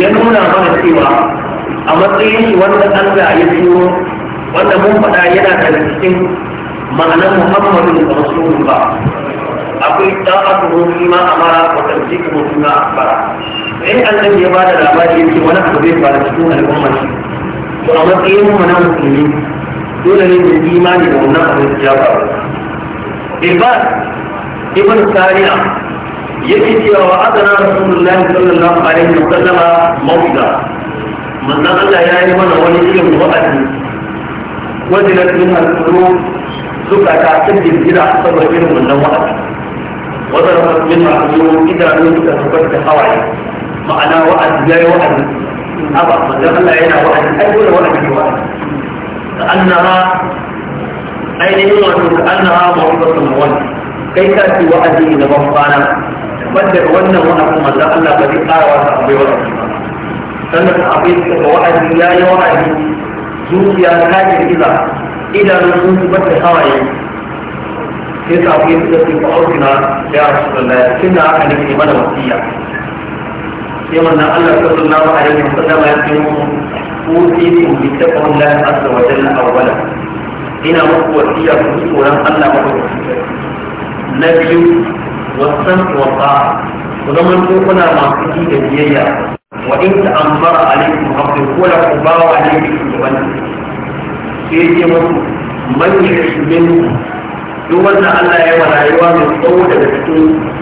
ya nuna mana cewa a matsayin shi wanda Allah ya turo wanda mun faɗa yana daga cikin ma'anar Muhammadun Rasulullah akwai ta'atuhu fi ma amara wa tanzihu fi ma akbara in annabi ya bada labari yake wani abu zai fara cikin al'umma shi to a matsayin mu na musulmi dole ne mu imani da wannan abin ya faru ibad ibn sariya yake cewa wa adana rasulullahi sallallahu alaihi wa sallama mawda manzon Allah ya yi mana wani irin wa'azi wajilat min al-qulub suka ta cikin gida saboda irin wannan wa'azi وضربت منها عيون إذا نمت تفتح حوالي معنى وعد جاي وعد أبا مدام لا هنا وعد أجل وعد وعد كأنها أين يوم كأنها موعظة مولد كيف تأتي وعدي إلى مفقانا تفتح ون وعد مدام الله بدي آوة أبي وعد سنة أبيك وعد لا يوعد زوجيا كاجر إذا إذا نمت تفتح حوالي sai safi ya fita sai fa'aukina ya rasu Allah tun da aka صلى الله عليه وسلم wannan Allah أوتيكم بتقوى الله عز وجل أولا هنا وصية كتورا الله وحده نبي والسمع والطاعة وضمن كنا ما فيه دنيا وإن تأمر عليكم ربكم ولا قبار عليكم ولا سيدي من يعيش منكم دون أن لا يوى لا يوى من طول بكتون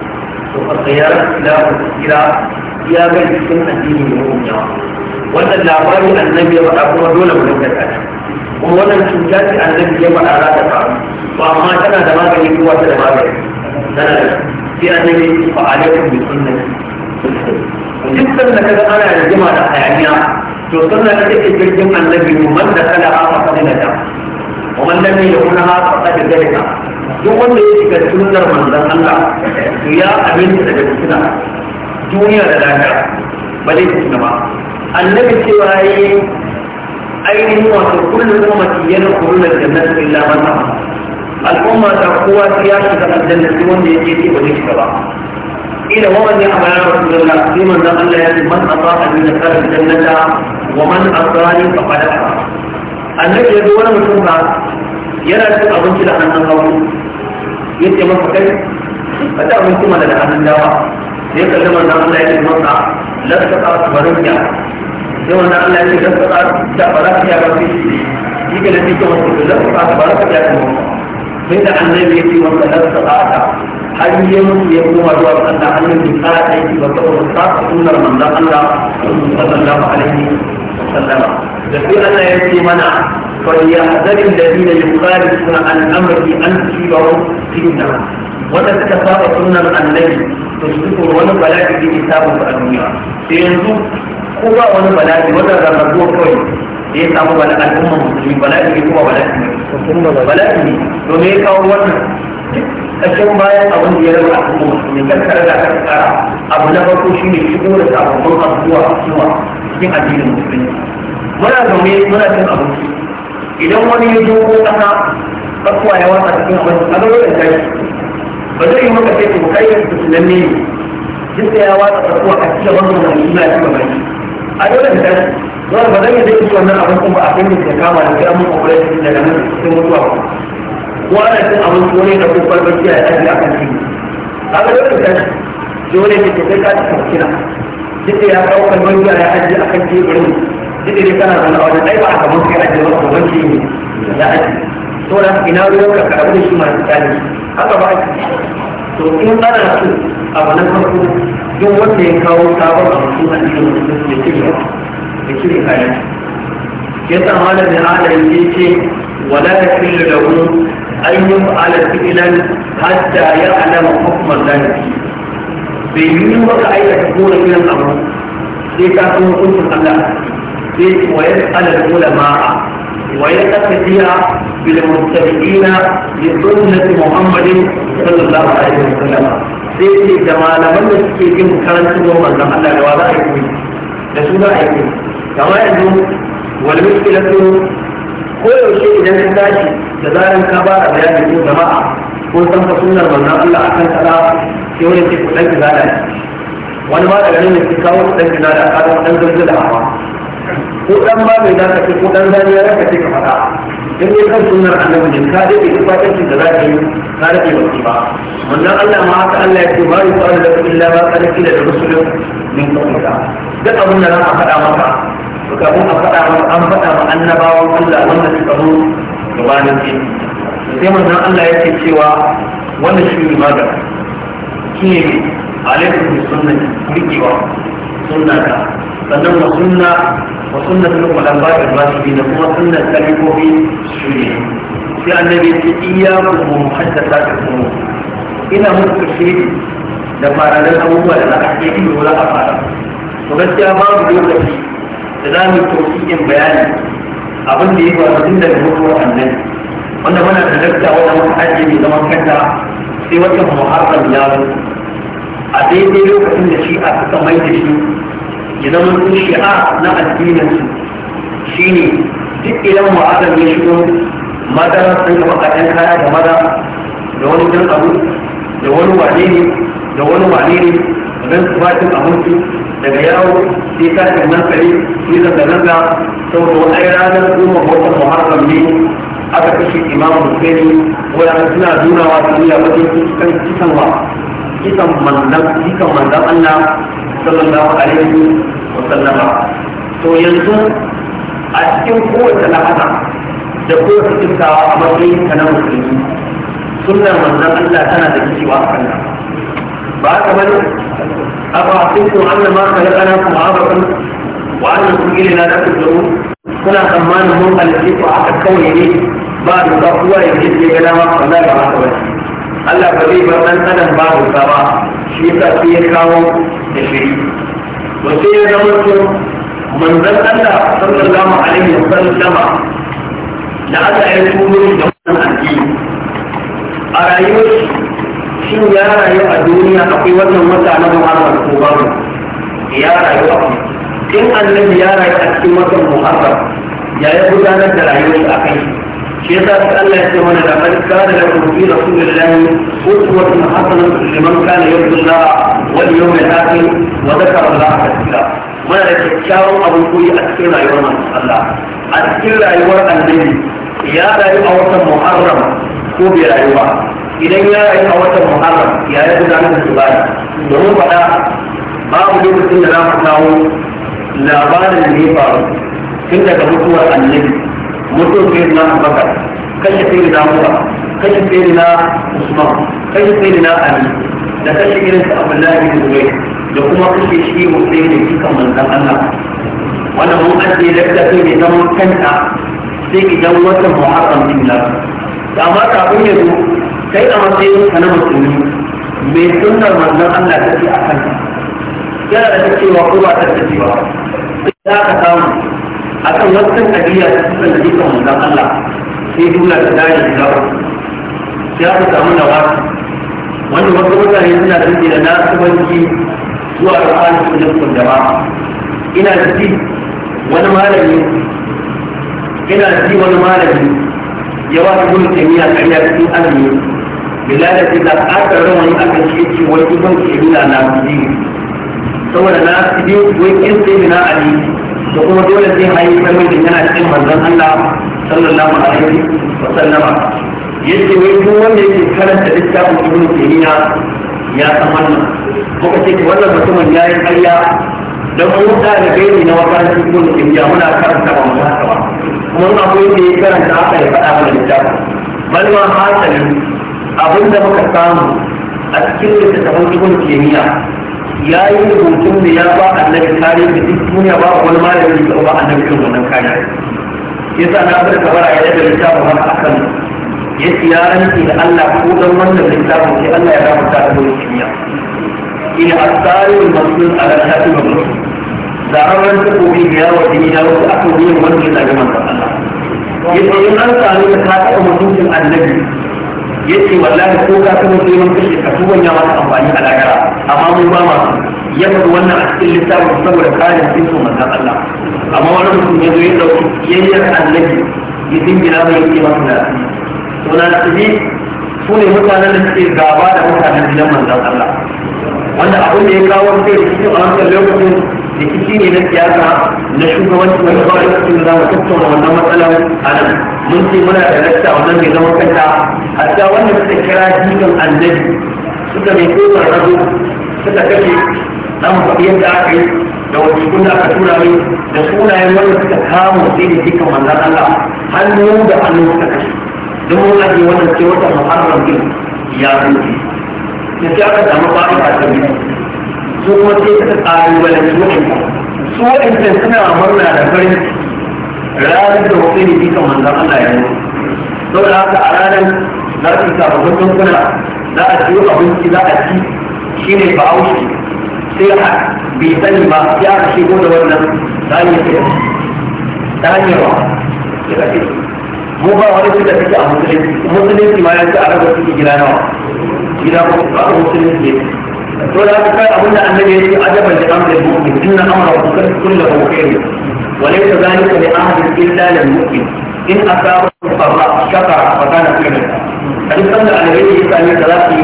ثم الخيارة لا تسيرا يا بل سنة دين مهمة وأن اللعبار أن نبي وعبوه دون من أجل أجل وأن الشمجات أن نبي يوى على هذا فعلا وأما كان دماغا يكوى سلمانا في أن نبي فعليكم بسنة وجدت أنك أنا يجمع الأحيانيا توصلنا لكي تجمع النبي ممن دخل عام صدنا جمع ومن لم يكنها فقد ذلك duk wanda ya shiga sunnar manzon Allah to ya aminta daga fitina duniya da lafiya ba zai fitina ba annabi cewa yayi ainihin wato kullum ummati yana kullum jannatu illa man amana al'umma ta kowa sai ya shiga aljanna sai wanda yake ce ba zai shiga ba ila wawan ya amara rasulullah sai manzon Allah ya ce man ata aljanna ta jannata wa man asani faqad asana annabi ya zo wani mutum ba yana cin abinci da hannun hagu ya ce masa kai ka ci abinci mana da hannun dawa sai kalli manzon Allah ya ce masa lasta ka barakiya sai wannan Allah ya ce lasta ka da barakiya ba sai shi ga da cikin wasu lasta ka da barakiya ta masa sai da annabi ya ce masa lasta ka har yi mutu ya koma zuwa ga Allah hannun da ta aiki ba saboda ta sunnar manzon Allah sallallahu alaihi وسلم لكي أنا يأتي منع فليحذر الذين يخالفون عن أمره أن تصيبهم فتنة وتتكفر سنة النبي تصبح ونبلاء في كتاب الدنيا سينزو كوبا ونبلاء وتتكفر ولا da ya samu bala al'umma musulmi bala'i ne kuma bala'i ne bala'i ne ƙarshen bayan abin da ya raba a kuma mai karkar da aka tsara abu na farko shi ne shigo da sababbin abubuwa a cewa cikin addinin musulunci muna zaune muna cin abinci idan wani ya zo ko ƙasa kasuwa ya wata cikin abinci a gaba da kai ba zai yi maka sai ko kai musulmi ne duk da ya wata kasuwa a cikin wannan wani ina ci gaba ne a dole da kai wani ba zan yi zai ci wannan abincin ba a kan da kama da kai amma kuma da daga nan sai mutuwa ba ko ana cin abinci wani da kuma farfar ciya ya tafi a kan cikin kaga dole ta shi wani ne ke kai ka ci kina duk ya kawo kalmar ciya ya ajiye a kan teburin duk da kana zaune a wajen ɗaya ba a kamar kai ajiye ba kamar ciya ne ya ajiye to da ina ruwan ka karabu da shi masu tsari haka ba ake to in ana so abu na farko duk wanda ya kawo sabon abu a cikin mutum ya cire ya cire kayan shi yasa malamin adalci ce wala ya cire da wani أن يفعل فئلا حتى يعلم حكم ذلك بمن وقع يكون من الأمر إذا كان كنت قد ويسأل العلماء ويلتقي فيها بالمتبعين لسنة محمد صلى الله عليه وسلم سيدي جمال من يسكيكم كانت سنوما زمان لأواء أيكم لسنة أيكم كما يجب والمشكلة koyaushe idan ka tashi da zaran ka ba a bayani ko jama'a ko san ka sunnar manzon Allah akan kaza sai wani ce kudan ki zada wani ma daga nan ne ki kawo kudan ki zada ka ga dan zanzu da hawa ko dan ba mai zaka ce ko dan zani ya raka ce ka faɗa in dai kan sunnar annabi ne ka dade ki fatancin da zaka yi ka rage baki ba manzon Allah ma haka Allah ya ce ba yuqalu lakum illa ma qala qila rasulun min qablika duk abin da za a faɗa maka suka mu a faɗa mu an faɗa mu annabawan Allah wanda suka mu gabanin shi sai manzon Allah yake cewa wannan shi ne magana shi ne alaikum bi sunnati riqiwa sunnata sannan wa sunna wa sunnatul khulafa'ir rashidin da kuma sunnar khalifofi shi ne sai annabi ya ce iyyakum wa muhaddathatil umur ina muku shiri da fararen abubuwa da za a ke ido za a fara to gaskiya babu lokaci da za mu yi tausikin bayani abin da ya faru tun daga mutuwar annabi wanda muna da dakta wanda muka ajiye mai zaman kanta sai wata muharram ya zo a daidai lokacin da shi a suka mai da shi ya zama sun shi'a na addininsu shi ne duk idan muharram ya shigo maza sun gaba kaɗan kaya da maza da wani jan abu da wani wane ne da wani wane ne don fatin abinci daga yawo sai tashin hankali sai zanga-zanga saboda ai ranar goma bautar muharram ne aka kashe imam husaini wadanda suna nunawa duniya wajen kisan kisan wa kisan mandan kisan mandan allah sallallahu alaihi wa sallama to yanzu a cikin kowace lahada da kowace kisawa a matsayin ka na musulmi sunnar manzon allah tana da kiwa a kan بعد من أبعثتكم عن ما خلقنا معرفاً وعلمكم إلينا لا تبدون كنا خمان هم الذي فعق الكون لي بعد الضوء يجد لي كلاما فلا يبعث بس ألا قريبا من أنا بعد الضوء شيطة فيه كاو نشري وسيئة نمتكم من ذل ألا صلى الله عليه وسلم لا أدعي لكم من جمعنا الدين أرأيوش shin ya rayu a duniya akwai wannan wata na muharram ko babu ya rayu a in annabi ya rayu a cikin watan muharram ya yi gudanar da rayuwar a kai shi yasa sai Allah ya ce mana da kan kana da rubi rasulullahi uswatun hasanatun liman kana yarjullah wal yawmil akhir wa dhakara Allah kathira muna da kyakkyawan abin koyi a cikin rayuwar manzon Allah a cikin rayuwar annabi ya rayu a watan muharram ko bai rayu ba idan ya rayu a watan muharram ya yi gudanar da su bayan domin faɗa babu lokacin da za mu kawo labarin da ya faru tun daga mutuwar annabi mutuwar sai na abubakar kashe sai na muwa kashe sai na usman kashe sai na ali da kashe irin su abdullahi bin zubair da kuma kashe shi mutum da kikan manzan allah wannan mun ajiye lakta sai mai zaman kanta sai idan watan muharram din lafiya da amma kafin ya zo kai a matsayin ka na musulmi mai sunnar manzon Allah ta ce a kanka yana da ta cewa ko ba ta ta ba. sai za ka samu a kan wasu kadiya ta suka da jikin manzon Allah sai dula ta dare da gawa sai aka samu na wasu Wani wasu mutane suna da rike da nasu banki zuwa ga su da kun da ba ina ji wani malami ina ji wani malami ya ba ibn taymiya kariya cikin azumi bilada ce da aka rawani aka ce ce wai ibn kibila na kudi saboda na kudi wai kin sai na ali da kuma dole sai hayi ta mai yana cikin manzon Allah sallallahu alaihi wa sallama yace wai duk wanda yake karanta littafin ibn kibila ya san wannan muka ce wannan mutumin ya yi karya don mu da gaini na wakanci ibn kibila muna karanta ba mu haka ba kuma akwai da ya karanta aka ya faɗa mana littafin bal ma hasalin abin da muka samu a cikin littattafan ibn kimiyya ya yi rubutun da ya ba annabi kare da duk duniya ba wani malami da ba annabi irin wannan kare yasa na bar kabara ya daga littafin haka akan ya siyaranci da Allah ko dan wannan littafin sai Allah ya rabuta da wani kimiyya ina asarin masul ala shafi masul da ran takobi da yawa da ina wasu aka yi wanda ya zaga manzon Allah yadda in an sami ka taɓa mutuncin annabi yace wallahi ko ka kuma sai mun kashe ka tuban ya wata amfani a lahira amma mun ba ma ya faɗi wannan a cikin littafin saboda karin su manzon Allah amma wani mutum ya zo ya dauki yayyar annabi ya dingina mai yake masa da to na tsibi su ne mutanen da suke gaba da mutanen gidan manzon Allah wanda abin da ya kawo sai da cikin a wancan lokacin rikici ne na siyasa na shugabanci wani ba lokacin da za mu tattauna wannan matsalar a nan mun ce muna da lakta wannan mai zama kanta hatta wanda suka kira jikin annabi suka mai kofar rago suka kashe an faɗi yadda aka yi da wasu da aka tura mai da sunayen wanda suka kama sai da jikin manzan Allah hannu da hannu suka kashe don mun ake wannan ce wata muharram din ya zuci da sai aka samu ba'a ta biyu su kuma sai suka ƙalubalen su su wa'ancan suna murna da farin ranar da wasu ne bisa manzan Allah ya yi saboda haka a ranar za su sa babban tankuna za a ciyo abinci za a ci shi ne ba haushi sai a bi sani ba ya a shigo da wannan ta hanyar ta hanyar wa ya kashe mu ba wani su da kake a musulunci musulunci ma ya ce a raba suke gida nawa gida ko a musulunci ne ولا da haka abin da annabi ya ce ajaban da amrul mu'min وليس ذلك لأحد إلا للمؤمن إن أصابه الضراء شكر وكان خيرا فإن صلى على غيره فإن ثلاثه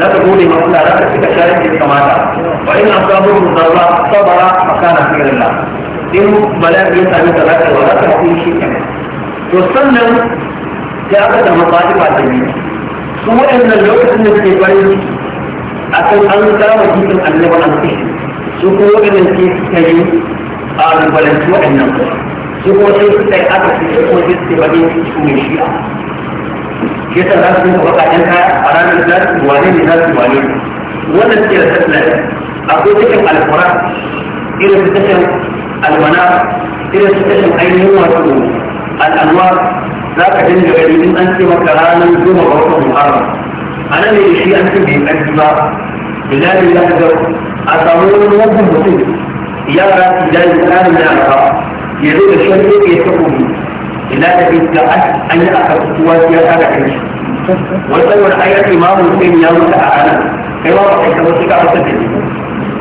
لا تقول ما قلنا لا تكتب شارك كما وإن أصابه الضراء صبر فكان خيرا له إن بلاء يسأل ثلاثه ولا تقول شيئا وسلم جاءت المطالب الجميلة سوء أن الوقت الذي يبين akan an kama jikin annabi an ce su ko wadannan ke suka yi a rubalanci waɗannan su ko sai suka yi aka ce ko sai suke bakin ciki mai shi'a shi yasa za su yi baƙaƙen kaya a ranar za su wane ne za su wane wannan suke da tattalin akwai cikin alkura irin su tashin almana irin su tashin ainihin wato al'anwar za ka dinga gani in an ce maka ranar goma ga watan muharram ana ne da shi an ce bai ƙarfi ba ina ne za ka a samu wani wajen mutum yara su da yi tsarin yara ba ya zo da shan ɗaya ya sako mu ina da bai ga an yi a karkuwa ya tsara kan shi wata wani ayar imamu sai ya mutu a ana kai ma ba kai ka wasu ka wasu da ni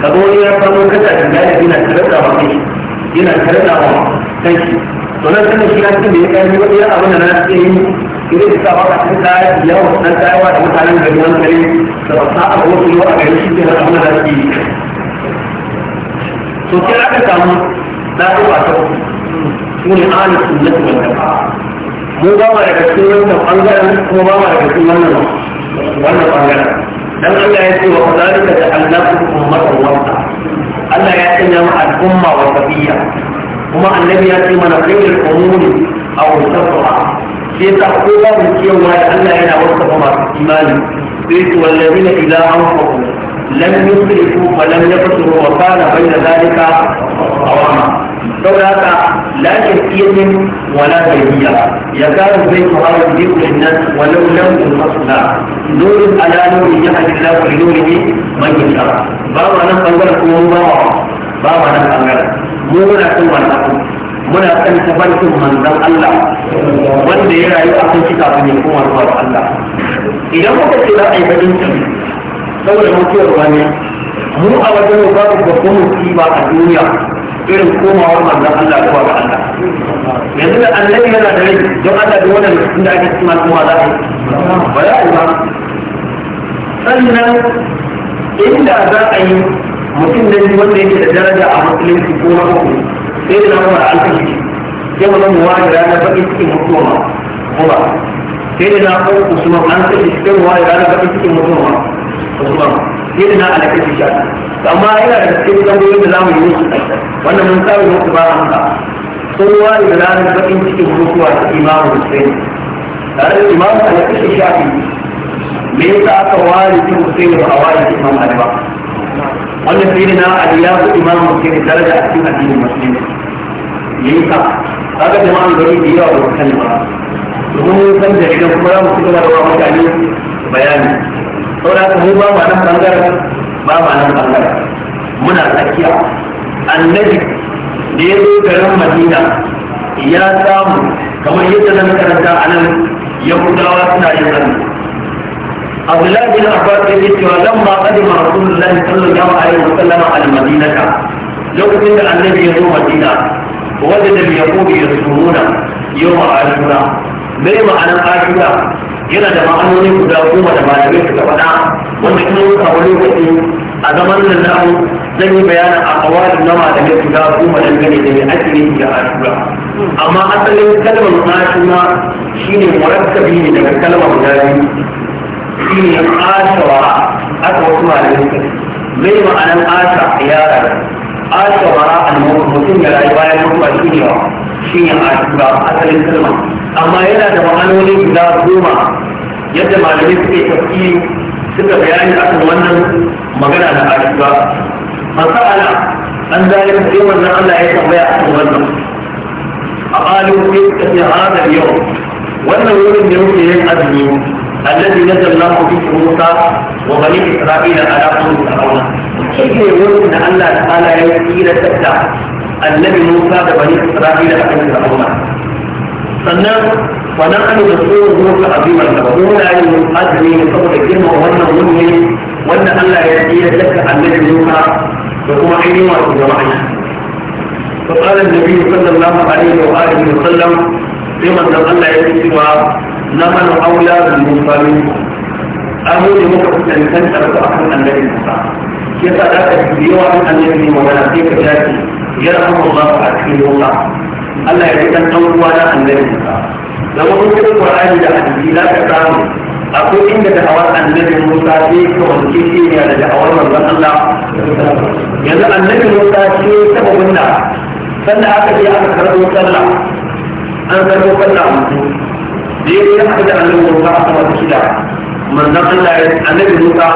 ka zo ne ya samu kasa da gane yana tarata ba kai yana tarata ba kai to nan sanin shi an ce bai ƙarfi ba iya abin da na ce idan ka ba ka cikin tsaya yawan dan tsayawa da mutanen gari hankali da ba sa'a ba wasu yau a gari shi ke na abin da za su yi to sai aka samu na ɗauka ta su ne ahalin sunnati wal jama'a mu ba ma daga cikin wannan bangaren kuma ba ma daga cikin wannan wannan bangaren dan Allah ya ce wa kadalika da annabi ummatan wasa Allah ya sanya mu al'umma wa safiya kuma annabi ya ce mana khairul umuri aw tasawwa shi yasa ko babu cewa da Allah yana wasafa masu imani sai ce wallazina idza anfaqu lam yusrifu wa lam yaqsuru wa kana bayna dhalika qawama saboda haka la shakiyin wala bayyiya ya karu zai ku hawa bi kullinnas wa law lam yusla nurun ala nurin yahdi Allah bi nurihi man yasha ba ma nan bangaren kuma ba ba ma nan bangaren mu muna son wannan muna kan tabarkin manzon Allah wanda ya rayu a kan shi kafin ya koma Allah idan muka ce za a yi bakin ciki saboda mutuwar wani mu a wajen mu babu babban musiba a duniya irin komawar manzon Allah zuwa ga Allah yanzu da annabi yana da rai don Allah da wannan inda ake cima kuma za a yi ba za a yi ba sannan inda za a yi mutum na biyu wanda yake da daraja a musulunci ko na uku sai da namuwa a alfashi sai wani muwajira na baki cikin mutuwa kuma sai da na uku usman an kashe shi sai muwajira na baki cikin mutuwa usman sai da na alakashi sha amma yana da cikin tambayoyin da zamu yi musu wannan mun saba musu ba amsa sun ware da ranar bakin cikin mutuwa ta imamu hussein tare da imamu alakashi shafi me yasa aka ware ta hussein ba a ware imam ali ba wanda sayyidina ali ya fi imam muslim daraja a cikin addinin musulmi yayi sa kaga jama'an gari da yawa ba kan ba domin mun san da idan kuma mu cigaba da wa mutane bayani saboda haka mu ba ma nan bangaren ba ma nan bangaren muna tsakiya annabi da ya zo garin madina ya samu kamar yadda na karanta a nan yahudawa suna yin azumi عبد الله بن عباس يقول لما قدم رسول الله صلى الله عليه وسلم على المدينة لو كنت النبي يوم مدينة وجد اليهود يصومون يوم عاشوراء bai ma'anar ashura yana da ma'anoni guda goma da malamai suka faɗa wanda kuma muka wani lokaci a zaman nan na zan yi bayanin a kawalin na malamai guda goma don gane da mai ake nufi da ashura amma asalin kalmar ashura shine murakkabi ne daga kalmar guda biyu في عاشرة أقوى من أن عاش حيارا عاشرة الموت مسلم لا يبايع مطبع سنيا شيء عاشرة أسل السلمة أما إلا دمانو لك لا دوما يجمع لنفسك تفكير ستة بيان أكل ونن مغنى أن عاشرة فسأل أن ذلك يوم أن أن لا يتبع أكل ونن أقالوا في هذا اليوم ونن يوم أن يوم أن يوم الذي نزل الله به موسى وبني اسرائيل على قوم فرعون كيف يقول ان الله تعالى يسير تبدا النبي موسى وبني اسرائيل على فرعون sannan wannan an da su mutu abiman da ko da yin azumi ne saboda girma wannan wuni النبي موسى ya yi ya daka فقال النبي صلى الله عليه وآله وسلم لمن لم الله يسوى نمن أولى بالمصابين أمو لمكة تنسان أرد أحد النبي المصاب كيف ذاك أن النبي ومنافيك جاتي يرحم الله أكيد الله ألا يجب أن يجعل أولا النبي المصاب لو كنت القرآن لحديثي لا تتعامل أقول إن دعوة النبي موسى في كونتيتي هي دعوة من الله يزال النبي موسى في سبب النار sannan أكد يا aka karɓo sallah an karɓo sallah daidai da abin da annabi Musa a sama da shida manzon Allah ya annabi Musa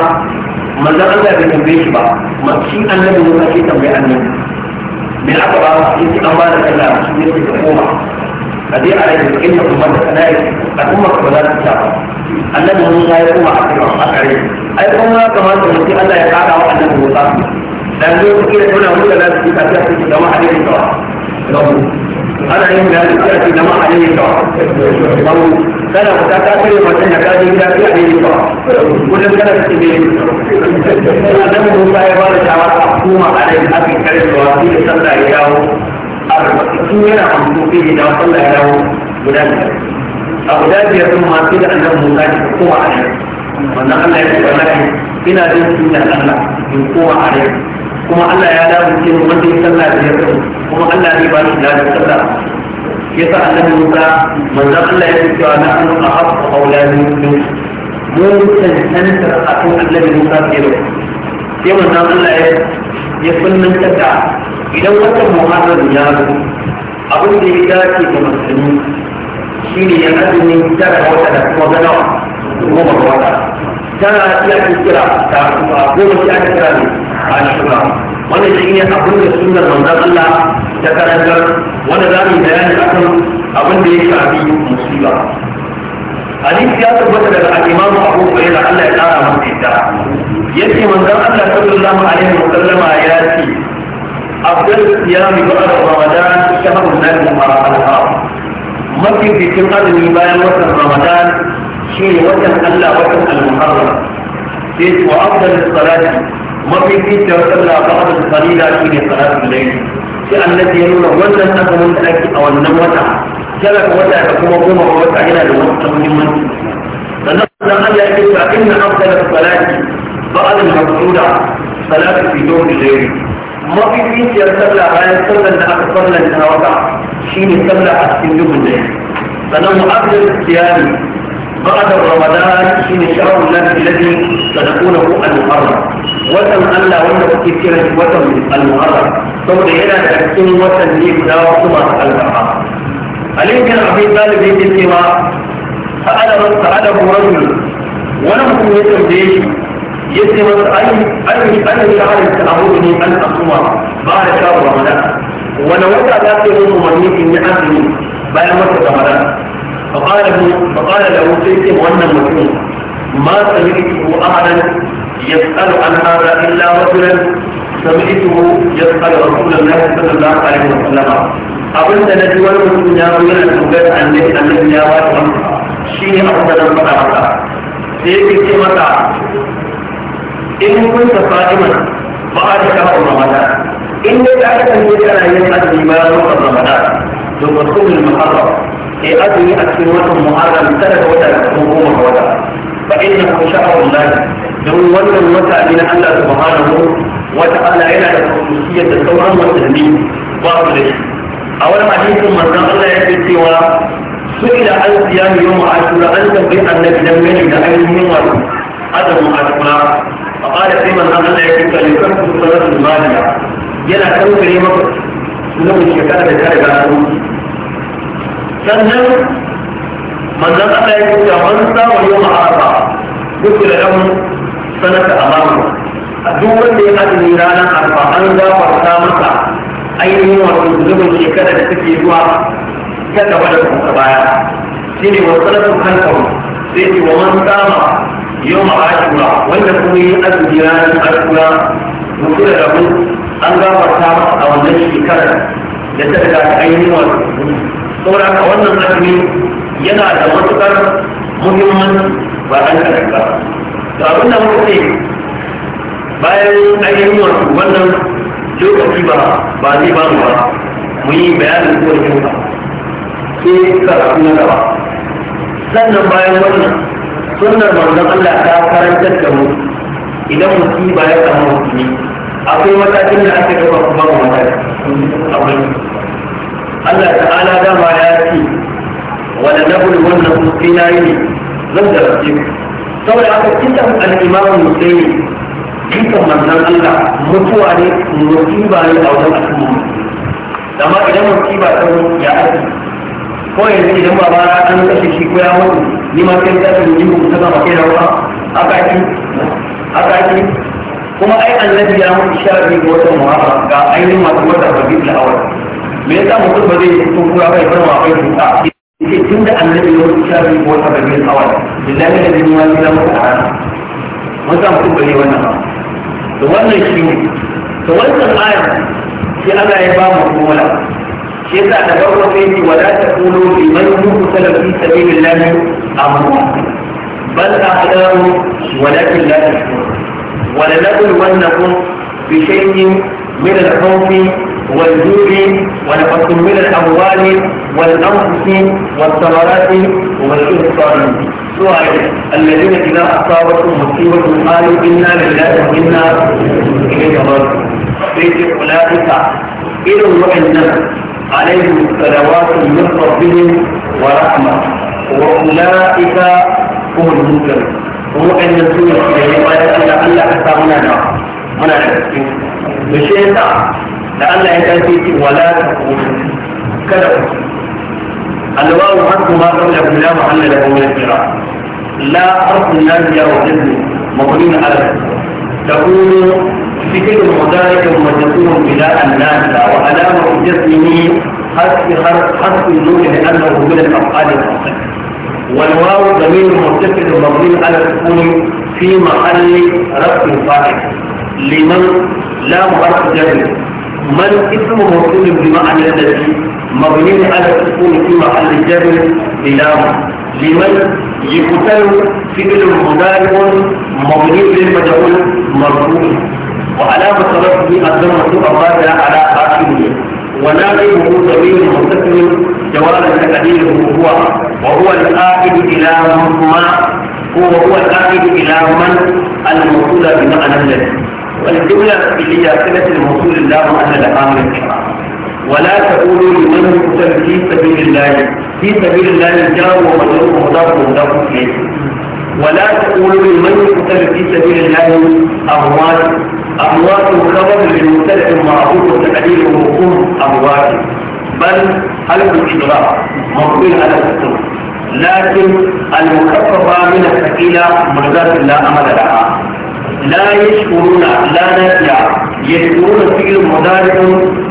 manzon Allah bai tambaye shi ba ma shi annabi Musa shi tambaye annabi me aka ba shi an ba da Allah shi ne ke koma a dai ala da kinta umma da kana a kuma ka ba ta ba annabi Musa ya kuma a kai a kare ai kuma kamar da mutum Allah ya kara wa annabi Musa dan zai kike tona wani da za su yi tafiya su gama a dai kawai ana yin da ya ce jama'a ne ya kawo kana ta ta kare mutum da kaji gida sai a yi ba kudin kana ta ce annan musa ya bada shawara a kuma a nan aka kare da wasu da sallah ya dawo a rubutun yana amfani sai ya dawo sallah ya dawo guda a guda biyar sun ma sai da annan musa ya kuma a nan wannan allah ya ce wallahi ina jin sunan allah in kuma a nan kuma Allah ya dawo ce mu wanda ya sallah da yau kuma Allah ne ba shi ladan sallah yasa annabi Musa manzo Allah ya ce cewa na an ahabbu aulani ne mu tantantar akan annabi Musa ke da sai manzo Allah ya ya sunnanta da idan wata muhammadu ya zo abin da ya dace da musulmi shine ya azumi tara wata da kuma ganawa goma ba wata tana iya kira ta kuma ko wace aka kira ne ashura wannan shi ne abin da sunan manzon Allah ta karantar wanda za mu bayani akan abin da ya shafi musiba hadisi ya tabbata daga al-Imam Abu Hurairah Allah ya kara masa yadda yace manzon Allah sallallahu alaihi wa sallama ya ce afdal siyam ba'da ramadan shahrun nal muharram mafi bikin azumi bayan watan ramadan شيء وجه ألا وجه المحرم كيف وأفضل الصلاة ما في كيس لها بعض القليلة في صلاة الليل شيء الذي يقول ولا تكون لك أو النوتة سلك ولا تكون قوم ووسع إلى الوقت مهم فنقول أن يأتي فإن أفضل الصلاة بعد المقصودة صلاة في دور الليل ما في كيس يوصلها بعد صلى الله صلى وضع شيء صلاة في دور الليل فنقول أفضل الصيام بعد رمضان شيء شهر الناس الذي ستكونه المحرم وتم ألا في كلمه وتم المحرم ثم الى تكون وتم لي بلا وصمة المحرم علي بن أبي طالب بيت سوى سأل سأله رجل ولم يكن يتم يسلم أي أي أي شهر تعودني أن أصوم بعد شهر رمضان ولو أتى ذاك يوم مني إني أصوم بعد رمضان فقال فقال له سيتم وانا مسلم ما سمعته احدا يسال عن هذا الا رجلا سمعته يسال رسول الله صلى الله عليه وسلم abin da na ji wani mutum ya zo yana tambayar annabi annabi ya ba shi shi ne abin da zan faɗa maka sai yake ce maka in kun ta fa'iman ba a da kawo ramadan in dai ka kasance kana yin azumi bayan lokacin ramadan to ka so mu muharram في أدنى أكثر وقت معارضة ثلاثة وتر حكومة شعر الله دول وتر من أن سبحانه وتعالى إلى الخصوصية الثورة والتهديد واضح أول ما جئت من رأى الله يكفي سئل عن صيام يوم عاشوراء أن بين أن لم يجد أي منور أدم عاشوراء فقال في من رأى الله يكفي لكفي صلاة المالية يلا كم كريمة لو مش كتابة sannan manzan Allah ya kuka man samu yau ma'arafa duk da ɗan sanata amamu a duk wanda ya azumi ranar arfa an gafarta masa ainihin wato zubin shekara da take zuwa ta gaba da kuma baya shi ne wasu na kan kawo sai ce wa man sama yau ma'ashura wanda kuma yi azumi ranar arfa mutu da rabu an gafarta masa a wannan shekarar da ta daga ainihin wato saboda haka wannan azumi yana da matukar muhimman ba an ka daga to abin da muka ce bayan ainihin wasu wannan lokaci ba ba zai ba mu ba mu yi bayanin ko da ba sai karatu na gaba sannan bayan wannan sunnar manzon Allah ta karantar da mu idan musiba ya samu musulmi akwai matakin da ake gaba kuma ba mataki akwai Allah ta'ala dama ya ce wala nabul wannan kuskina yi zan da rafi saboda aka kitan al'imamu musayi kitan manzan Allah mutuwa ne musiba ne a wajen al'umma amma idan musiba ta ya ake ko yanzu idan ba ba an kashe shi ko ya mutu ni ma kai ta tuni mu ta ba kai rawa aka ki aka ki kuma ai annabi ya mutu sha biyu ga watan muharram ga ainihin masu wata rabiul awwal me yasa mutum ba zai fito kura bai bar wa akwai cuta yake tun da annabi ya wuce shafi ko wata bai yin hawa lillahi da dini wani zama ta hana wata mutum bai wannan ba da wannan shi ne da wannan ayar sai Allah ya ba mu kuma shi yasa da farko sai ni wala taqulu liman yuqtalu fi sabilillahi amwat bal ahdahu walakin la tashkurun ولنبلونكم بشيء من الخوف والجود ولقد من الأموال والأنفس والثمرات والأنصار سؤال الذين إذا أصابتهم مصيبة قالوا إنا لله وإنا إليه راجعون بيت أولئك إلى الجنة عليهم صلوات من ربهم ورحمة وأولئك هم المنكر هو أن يكون الشيء ما لعل الله حتى هنا نعم هنا نعم da Allah ya kace ki wala taqulu kada ku alwawu harfu ma qabla bila mahalla lahu min al-qira la harfu nafiya wa jazm mabniun ala taqulu ذكر المضارع مجزوم بلا النافع وعلامة جزمه حذف حذف لأنه من الأفعال المصرية والواو ضمير متصل مبني على السكون في محل رفع فاعل لمن لا محرك جزم من اسم موصول بمعنى الذي مبني على السكون في محل جر بلام لمن يقتل فعل مضارع مبني للمجهول مرفوع وعلامة رفعه الضمة الرابعة على آخره ونائبه ضمير مستقل جواب تقديره هو وهو الآخر إلى ما هو هو الآخر إلى من الموصول بمعنى الذي والجملة هي صلة الموصول الله أن الأمر الكرام ولا تقولوا لمن يقتل في سبيل الله في سبيل الله جار ومجروح ومضاف ومضاف إليه ولا تقولوا لمن يقتل في سبيل الله أموات أموات خبر للمبتدع المعروف وتقليل الوقوف أموات بل حلف الإجراء مقبول على الحكم لكن المخففة من الثقيلة مرضات لا أمل لها لا يشكرون لا نافع يشكرون فعل مضارع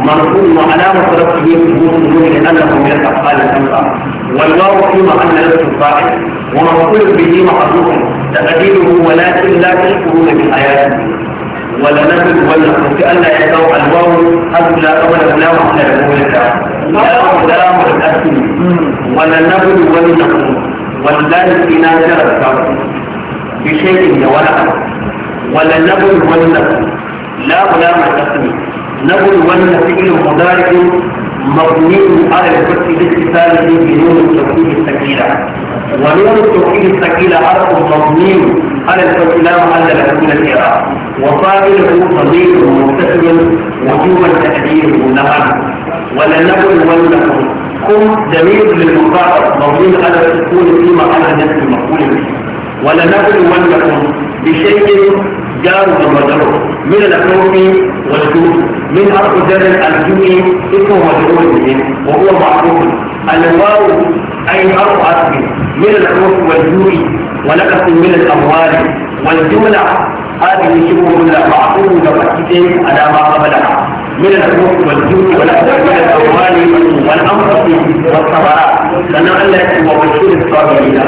مرفوض وعلامة رفعه يشكرون من لأنه من الأفعال الخمسة والواو في محل نفس الفاعل ومفعول به معروف تقديره ولكن لا تشكرون بالآيات ولا نزل ولا كأن يتوقع الواو لا أولا لا محل له لا قدام الأسم ولا نبل ولا نقل والذات في نازل بشيء ولا ولا نبل ون لا ولا مستثني نبل ون فعل مبني على الفتح الاتصال بنون التوحيد الثقيلة ونون التوحيد الثقيلة حرف مبني على الفتح لا محل له من الإعراب وفاعله ضمير ومبتسم وجوب تقديره نعم ولا نبل ون كن جميل للمضارع مبني على السكون فيما محل نفس المقبول به ولنبلونكم بشيء جار ومجر من الخوف والجوع من ارض أرجل الجوع اسمه مجرور به وهو معروف الواو أي ارض أربعة من الخوف والجوع ولكم من الأموال والجملة هذه شبه معقول ومسجد على ما قبلها من الحقوق والجود والأحسن من الأموال والأنفس لانه قال الله وبشر الصابرين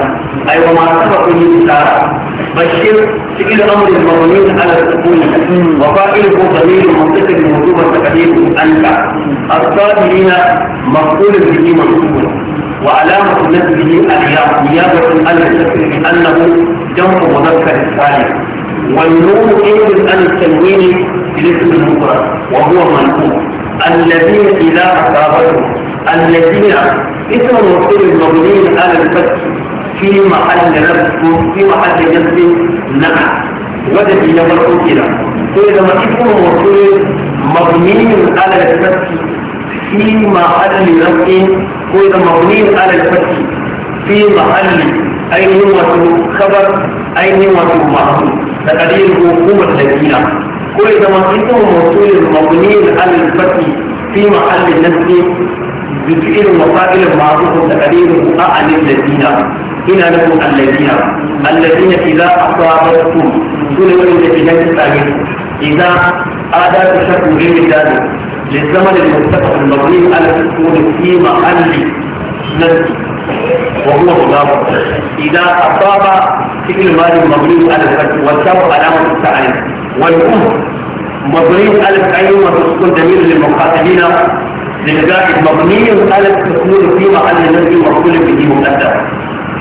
أي وما سبق من سارة بشر فعل أمر المضمون على السكون وقائله ضمير منطق الوجوب والتقدير أنت الصابرين مفعول به منصوب وعلامة نفسه الياء نيابة عن الشكل بأنه جمع مذكر سالم والنون إن عن التنوين الاسم المفرد وهو منقول الذين إذا أصابتهم الذين اسم المفرد مبني على الفتح في محل نفسه في محل نفسه نعم وجد يوم إلى فاذا ما اسم المفرد مبني على الفتح في محل نفسه وإذا مبني على الفتح في محل أين وتو خبر أين وتو معه تقديره هو الذين كل ده مصيته موصول المضمين على الفتي في محل النسل بفعل وفاعل معروف تقرير أعلى الذين هنا لكم الذين الذين إذا أصابتكم سنة الذين تتعلمون إذا آدات شكوا غير ذلك للزمن المتفق المبني على السكون في محل نسل وهو مضاف إذا أصاب فعل ماضي مبني على الفتح والشر علامة التعليم والأم مبني على التعليم وتسكن دليل للمقاتلين للقائد مبني على التسكن في محل نزل مقبول به مؤدب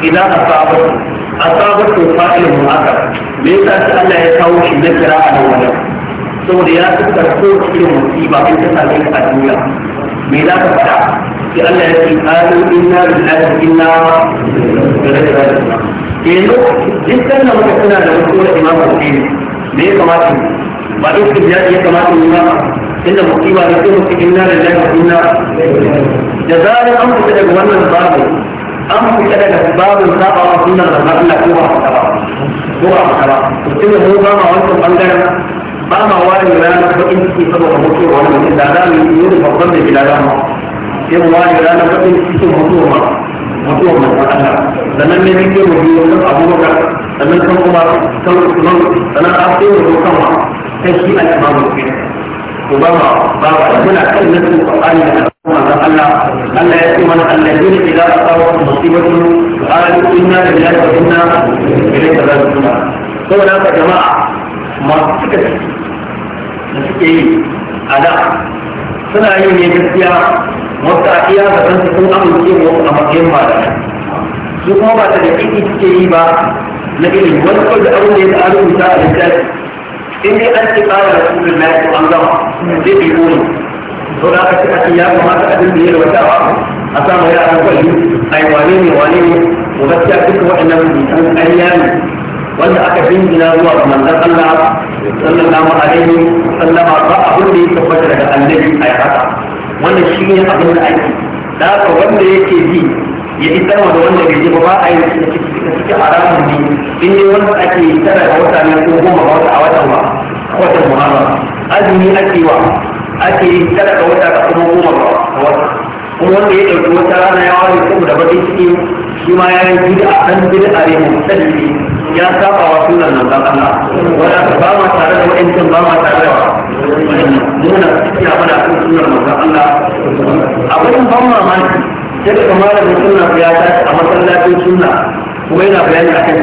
إذا أصابت أصابت فاعل مؤخر ليس ألا يتوش نكرة على وجه سوريا تتكون في المصيبة في تساليح الدنيا me za ka faɗa sai Allah ya ce qalu inna lillahi wa inna ilaihi raji'un yanzu duk sannan muka suna da wasu wani imamu addini me ya kamata ba duk ya ya kamata mu ba inda musiba ne sai mutum inna lillahi wa inna da zarar an fita daga wannan babu an fita daga babin saba wa sunnar da Allah ko ba ko ba ko ba mutum ne ba ma wannan bangaren ba ma ware ranar bakin ciki saboda mutuwa wani mutum da za mu yi yi da babban da gida dama sai mu ware ranar bakin ciki mutuwa ma mutuwa ma ta Allah sannan ne muke mu biyo kan abubakar sannan kan kuma kan usman sannan a sai mu zo kan ma sai shi al-imamu ko ba ma ba ba muna kan nasu qur'ani da manzon Allah Allah ya ce mana annabiyyu idza asawatu musibatu qalu inna lillahi wa inna ilaihi raji'un saboda haka jama'a masu cika da suke yi a da suna yi ne gaskiya wasu a iya da kansu sun amince wasu a matsayin da su kuma ba ta da ƙiƙi suke yi ba na ilimi wani kawai da abin da ya tsaro rubuta a littafi in dai an ce ƙara da sunan na yau an gama zai bi goma to da aka ce a ce ya kamata a dinga yin watawa a samu yaran kwalli a yi wane ne wane ne mu gaskiya duka waɗannan rubutun ƙarya ne wanda aka jingina zuwa ga manzon Allah sallallahu alaihi sallama ba abin da ya tabbata daga annabi a haka wannan shi ne abin da ake da haka wanda yake ji ya isar da wanda bai ji ba ba a yi ciki haramun ne in dai wanda ake yi tara da wata ne ko goma ba wata a watan ba watan muharram azumi ake wa ake yi tara da wata da kuma goma ba wata kuma wanda ya ɗauki wata rana ya ware saboda bakin ciki shi ma ya yi bid'a dan bid'a ne musalli ya saba wa sunan nan da Allah wala ba ma tare da wa'ancan ba ma tare da mu na da mana sunan nan manzon Allah abin ban mamaki sai da da sunan ya ta a masallacin sunna kuma yana bayani kan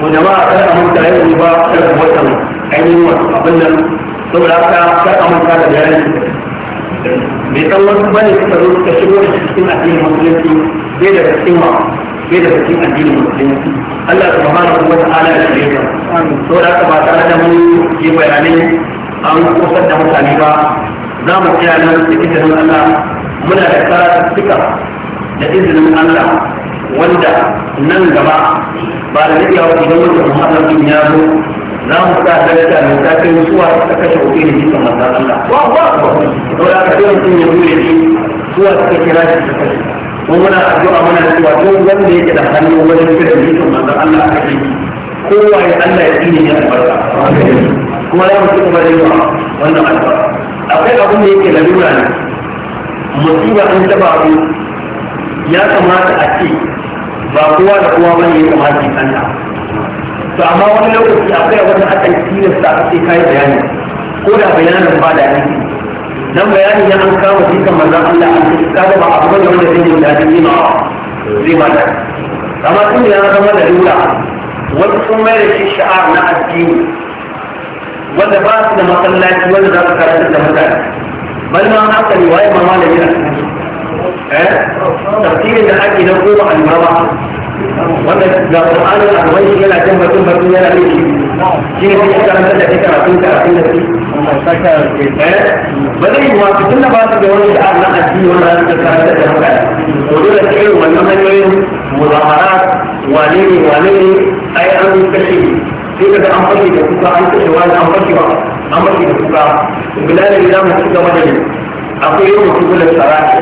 ko jama'a kar a manta yau ba kar watan ainihin abin nan saboda ka kar a manta da bayani بيطلعوا بالك فلو تشوفوا السيستم الدين المسلم بيد السيما بيد السيستم الدين المسلم الله سبحانه وتعالى شريكا سورة ما تعالى من يبقى يعني أو قصد نمو سليبا زام السيانة لكتر من الله من الأكثر السكر لإذن من الله وندى ننجمع بعد ذلك يوم يوم يوم يوم يوم يوم za mu sa dalta mai ta kai mutuwa ta kashe kuɗi da jikin manzan Allah. wa wa wa. Sau da aka ce mutum ya zuwa shi zuwa suka kira shi ta kashe. Mun muna addu'a muna cewa duk wanda yake da hannu wajen kira jikin manzan Allah a kashe kowa ya Allah ya tsine ya albarka. Kuma za mu ci kuma da yi wannan albarka. Akwai abin da yake lalura ne. Musiba an taba abu ya kamata a ce ba kowa da kowa bane ya kamata ya kanta. to amma wani lokaci akwai abin da aka yi tilasta a ce kai bayani ko da bayanin ba da aiki dan bayani ya an kama jikan manzon Allah an ce kaga ba abu ne wanda zai yi dadin yi ma zai ma amma tun ya zama da lura wani sun mai da shi sha'ar na addini wanda ba su da masallaci wanda za su karanta da mutane bal ma haka ne waye ma malami a cikin تقتيل الحج ده هو عن المراه وانا ده القران انا عايز يلا جنب جنب يلا ليه نعم دي في كلام ده في كلام في كلام في بدي هو في كل بعض الدول الان لقد ولا انت كانت تهمك ودول كثير ومنهم اليوم مظاهرات وليه وليه اي امر كثير في كذا امر كثير كذا امر كثير امر كثير كذا بلال الامام كذا مجلس akwai yau mutum kula sarati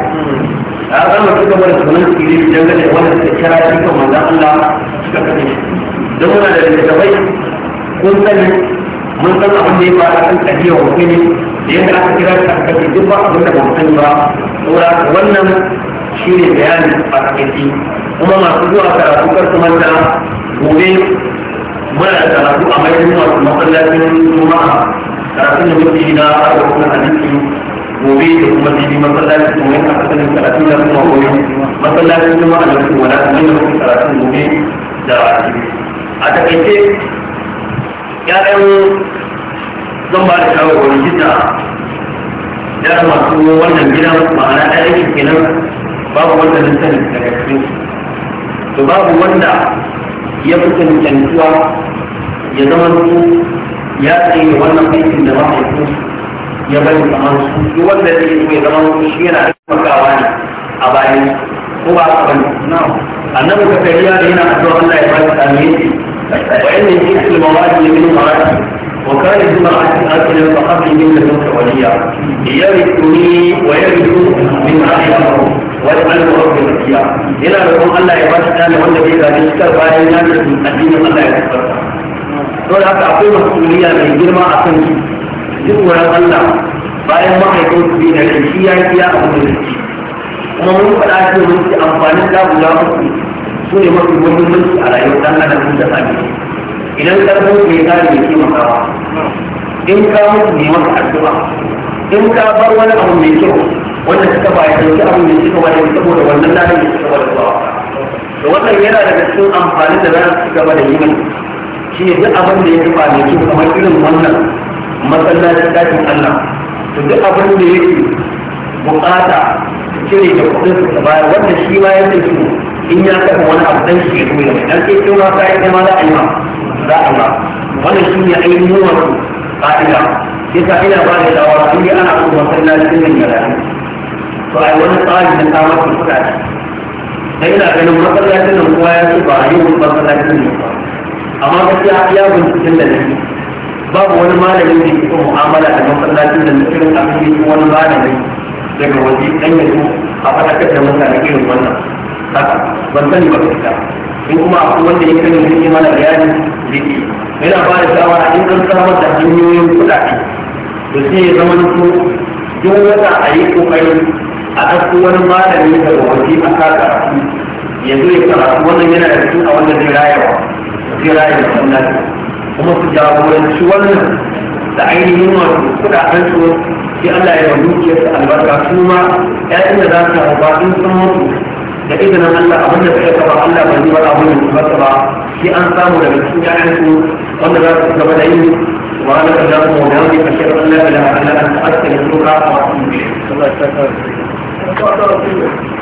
a zama su gaba da sunan su ne dangane da wanda suka kira shi kan manzan Allah suka kashe don muna da littattafai kun sani mun san abin da ya fara kan kadiyar hukumi da yadda aka kira shi aka kashe duk ba abin da ba mu sani ba saboda wannan shi ne bayani a takaici kuma masu zuwa karatu kar su manta gobe muna da karatu a mai masu masallacin juma'a karatun da mutum shi na arzikin hadisi gobe da kuma cikin masallacin kuma a asalin karatun da kuma gobe masallacin kuma a lokacin wala kuma yana kuma karatun gobe da a takaice ya'yan zan ba da shawarwar gida ya masu wannan gida ma'ana ɗaya yake kenan babu wanda na sani daga cikin to babu wanda ya fi cancantuwa ya zama ya tsaye wannan aikin da mahaifin ya bai kamar su duk wanda zai yi mai zama su shi yana taimakawa ne a bayan ko ba a bane annabi ka kai ya da yana addu'a Allah ya bada tsamiyyaci wa inni fi al-mawadi min qarati wa kana bi ma'ati akila fa qabli min ladunka waliya yarithuni wa yarithu min rahmatika wa ja'alhu rabbi radiya ina roƙon Allah ya bada tsani wanda bai gaji shi kar bayan ya da addinin Allah ya tabbata to da haka akwai masuliya mai girma a kan shi jin wurin Allah bayan mahaifin su da shi ya yi ya abu da shi kuma mun faɗa ce mun ci amfanin dabu ya mutu su ne mafi muhimmanci a rayuwar ɗan adam da sami idan ƙarfin ku ya kare mai taimakawa in ka mutu ne maka addu'a in ka bar wani abu mai kyau wanda suka ba ya ɗauki abu mai kyau wani saboda wannan lalai da suka bar zuwa da wannan yana daga cikin amfanin da za su ci gaba da yi mai shi ne duk abin da ya fi ba mai kyau kamar irin wannan masallacin dakin Allah to duk abin da yake bukata cire da kudin su baya wanda shi ma yake su in ya kafa wani abu dan shi ya zo ya dan sai kuma sai kuma za a yi ma za a ma wannan shi ne ainihin wato ka'ida yasa ina ba da shawara in ana so masallacin nan ya rayu to ai wani tsari na samar da kuɗaɗe dan ina ganin masallacin nan kowa ya ce ba a yi masallacin nan ba amma gaskiya ya binciken da nake babu wani malamin da ke mu'amala da masallacin da mutum a cikin wani malamin daga waje dan yanzu a fadakar da mutane irin wannan haka ban sani ba kuma in kuma akwai wanda yake da yi mana bayani da yana ba da shawara in an samar da hanyoyin kuɗaɗe to sai ya zama su duk wata a yi ƙoƙari a ɗauko wani malami daga waje a karatu yanzu ya karatu wannan yana da su a wanda zai rayawa zai rayawa wannan kuma su jagoranci wannan da ainihin wato kudaden su sai Allah ya dukiyar su albarka su ma ƴaƴan da za su haifa in sun mutu da izinin Allah abin da suka saba Allah bai ba abin da suka saba sai an samu daga cikin ƴaƴan su wanda za su gaba da yin وأنا أجاب مولاني أشهد أن لا إله إلا أنت أستغفرك وأتوب إليك.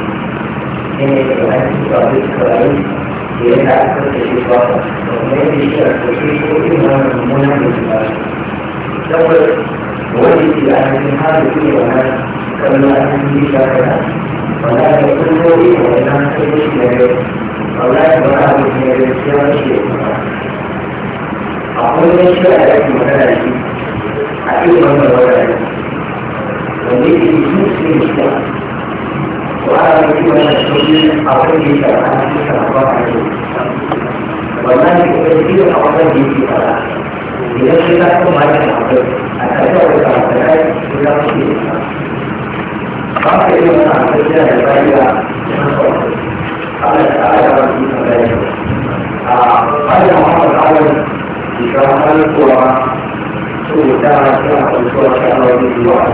ويجب أن ينحاز فيه ولا كما أن يشاهد ولا يكون فيه ولا يكون فيه ولا يبرع فيه ولا شيء أقول الشيء الذي ولا شيء أقول ولا ولا ويجب أن يكون فيه وهذا يجب ان تكون حوالي والله كثير حوالي لذلك لا يكون هذا الحوالي الأداء والعملات إلى رسول قال إلى العملية الباقية قال تعالى قال محمد أول إشراق القرى سوء دعوة القرى كأمر الله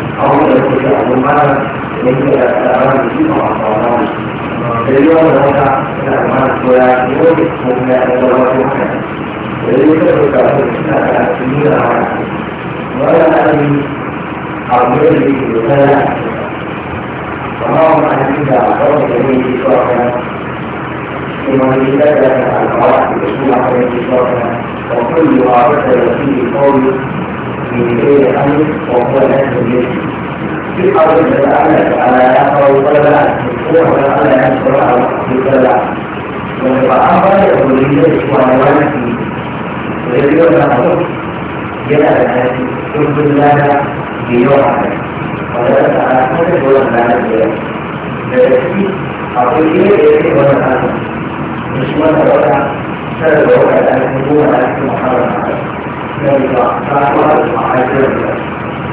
أو يكون المال مثل الأعمال الشيطة والصالحة اليوم الوضع الأعمال الصلاة يوجد من الأدوات المحكمة ويوجد الأعمال السنين ولا أن أعمل بالولاء وما هو أنك أعطوك إليه شركا ومن يتدى على القواعد الرسول عليه الصلاة والسلام وكل عبد فيه قول بكل أمر وهو الناس في قول الأمر على يقرأ طلبا وهو على يقرأ طلبا والآخر يقول لي وعنوان فيه ويقول له جاء الناس كنت لنا بيوعا ولا على كل ولا على غيره بلكي أقول لي إيه ولا على مش مرة ولا سبب ولا على الحكومة على محرم عليه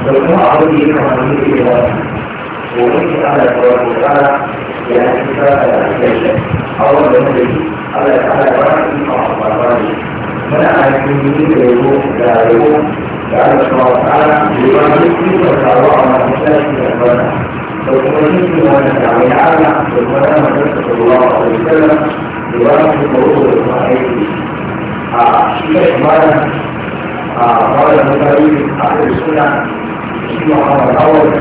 ويكون عرضي كما نريد وممكن على الفرق وعلى يعني كتاب أول بمدري على على رأسي فأحضر رأسي منع المؤمنين يروح لا يروح لأن الله تعالى يبارك فيك وتعالى ما تشاء من الفرق لو تمنيت أن تعمل على وكان رسول الله صلى الله عليه وسلم يبارك في قلوب المعيشين. آه، شيء ما قال المتابعين أهل السنة في محمد الأول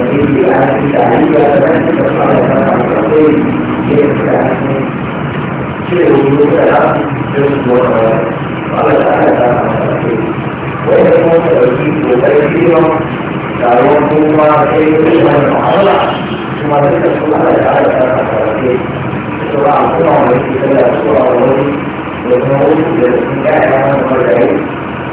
وفي أهل الأهلية فمن تصنع لنا الرسول كيف تأهل شيء وجود الأرض يصدر قال تعالى وإن كنت أجيب وتأجيبهم تعلمون ثم كيف تشمل المحصلة ثم تتصل على تعالى سورة عن سورة ومن كتاب سورة ومن يتنوي إلى الإنسان ومن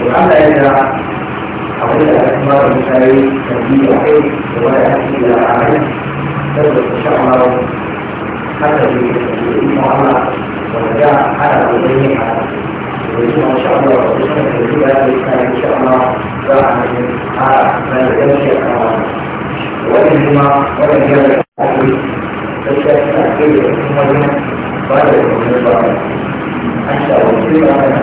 وعلى إذا حول الأسماء المشاهي تنبيه وحيد ولا ويأتي إلى عالم تدرس شعره حتى في المعاملة ورجاء على وجهه على ويجب إن شاء الله وتسمى الجزيرة إن شاء الله فعلا على ما يدرس شعره وإنما وإنما أكيد فالشيخ أكيد وإنما قال أن شاء الله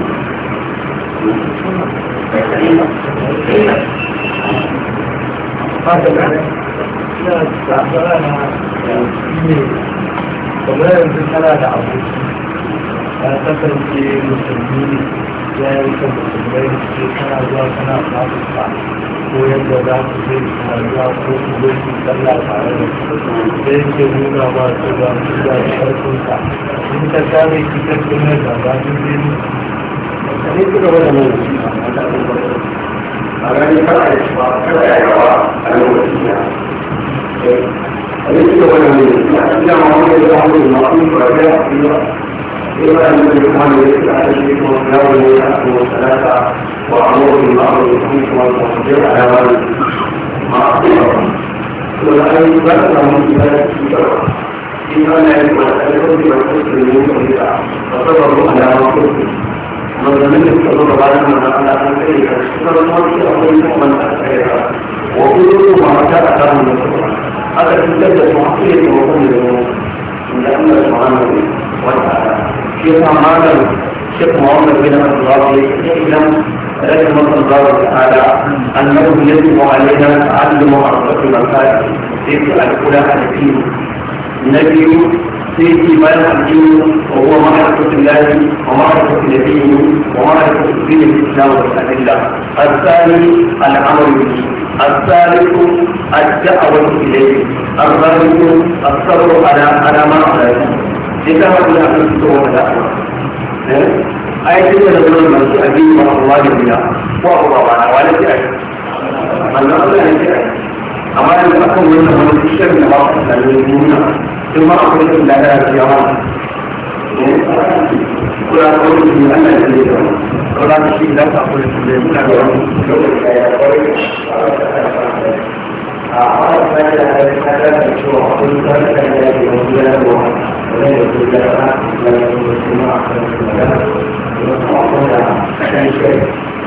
kamar yanzu tana da aboki ya kasance musulmi ne ya da zuwa kana fafisa ko yadda za su je taruwa ko su zo su sallah tare da su da yake nuna ba su da su da ƙarfinsa in ta da ba su sai suka wada mana a gani kada ya shi ba kada ya yawa a lokacin da sai suka wada mana ina ma wani da hannu ma kun ba ga ya fi ba إذا أن الإخوان يسأل أشركهم يوم يأتوا ثلاثة وأمر بالمعروف والنهي عن المنكر على ما أخبرهم ولأن بأسهم بذلك إن كان يجب أن على ما مظلمين الحضور بعدما على أمريكا اشتغل المرسي أوليكم من أسعيها وقلوا ما كان أكبر من هذا تنتج معصية وقوم لهم من أمر شيخ عمالا شيخ محمد بن عبد الله يعلم رحمة الله تعالى أنه يجب علينا تعلم معرفة مكان تلك الأولى الدين نجد سيدي ما الدين وهو معرفة الله ومعرفة نبيه ومعرفة دين الإسلام والأدلة الثاني العمل به الثالث الدعوة إليه الرابع الصبر على على ما عليه إذا ما كنا نستوى الدعوة أي شيء نقول من أبي الله بنا وهو معنا والتي أجل من نقول amma yanzu akan wannan wani shirin da ba su da ne duniya sai ma akwai sun da ya fi yawa kula da wani shi ana da ne da kula da shi idan akwai su da muna da wani lokaci ya kwarai a wani tsari da ya fi kada da cewa akwai tsari da ya fi wani gudanarwa wani da ke da rana da ya fi wani kuma a kan su da ya fi wani kuma a kan shi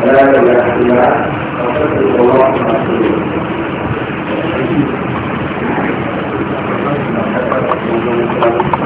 والأولاد والأحياء وصدق الله ورسوله Thank you.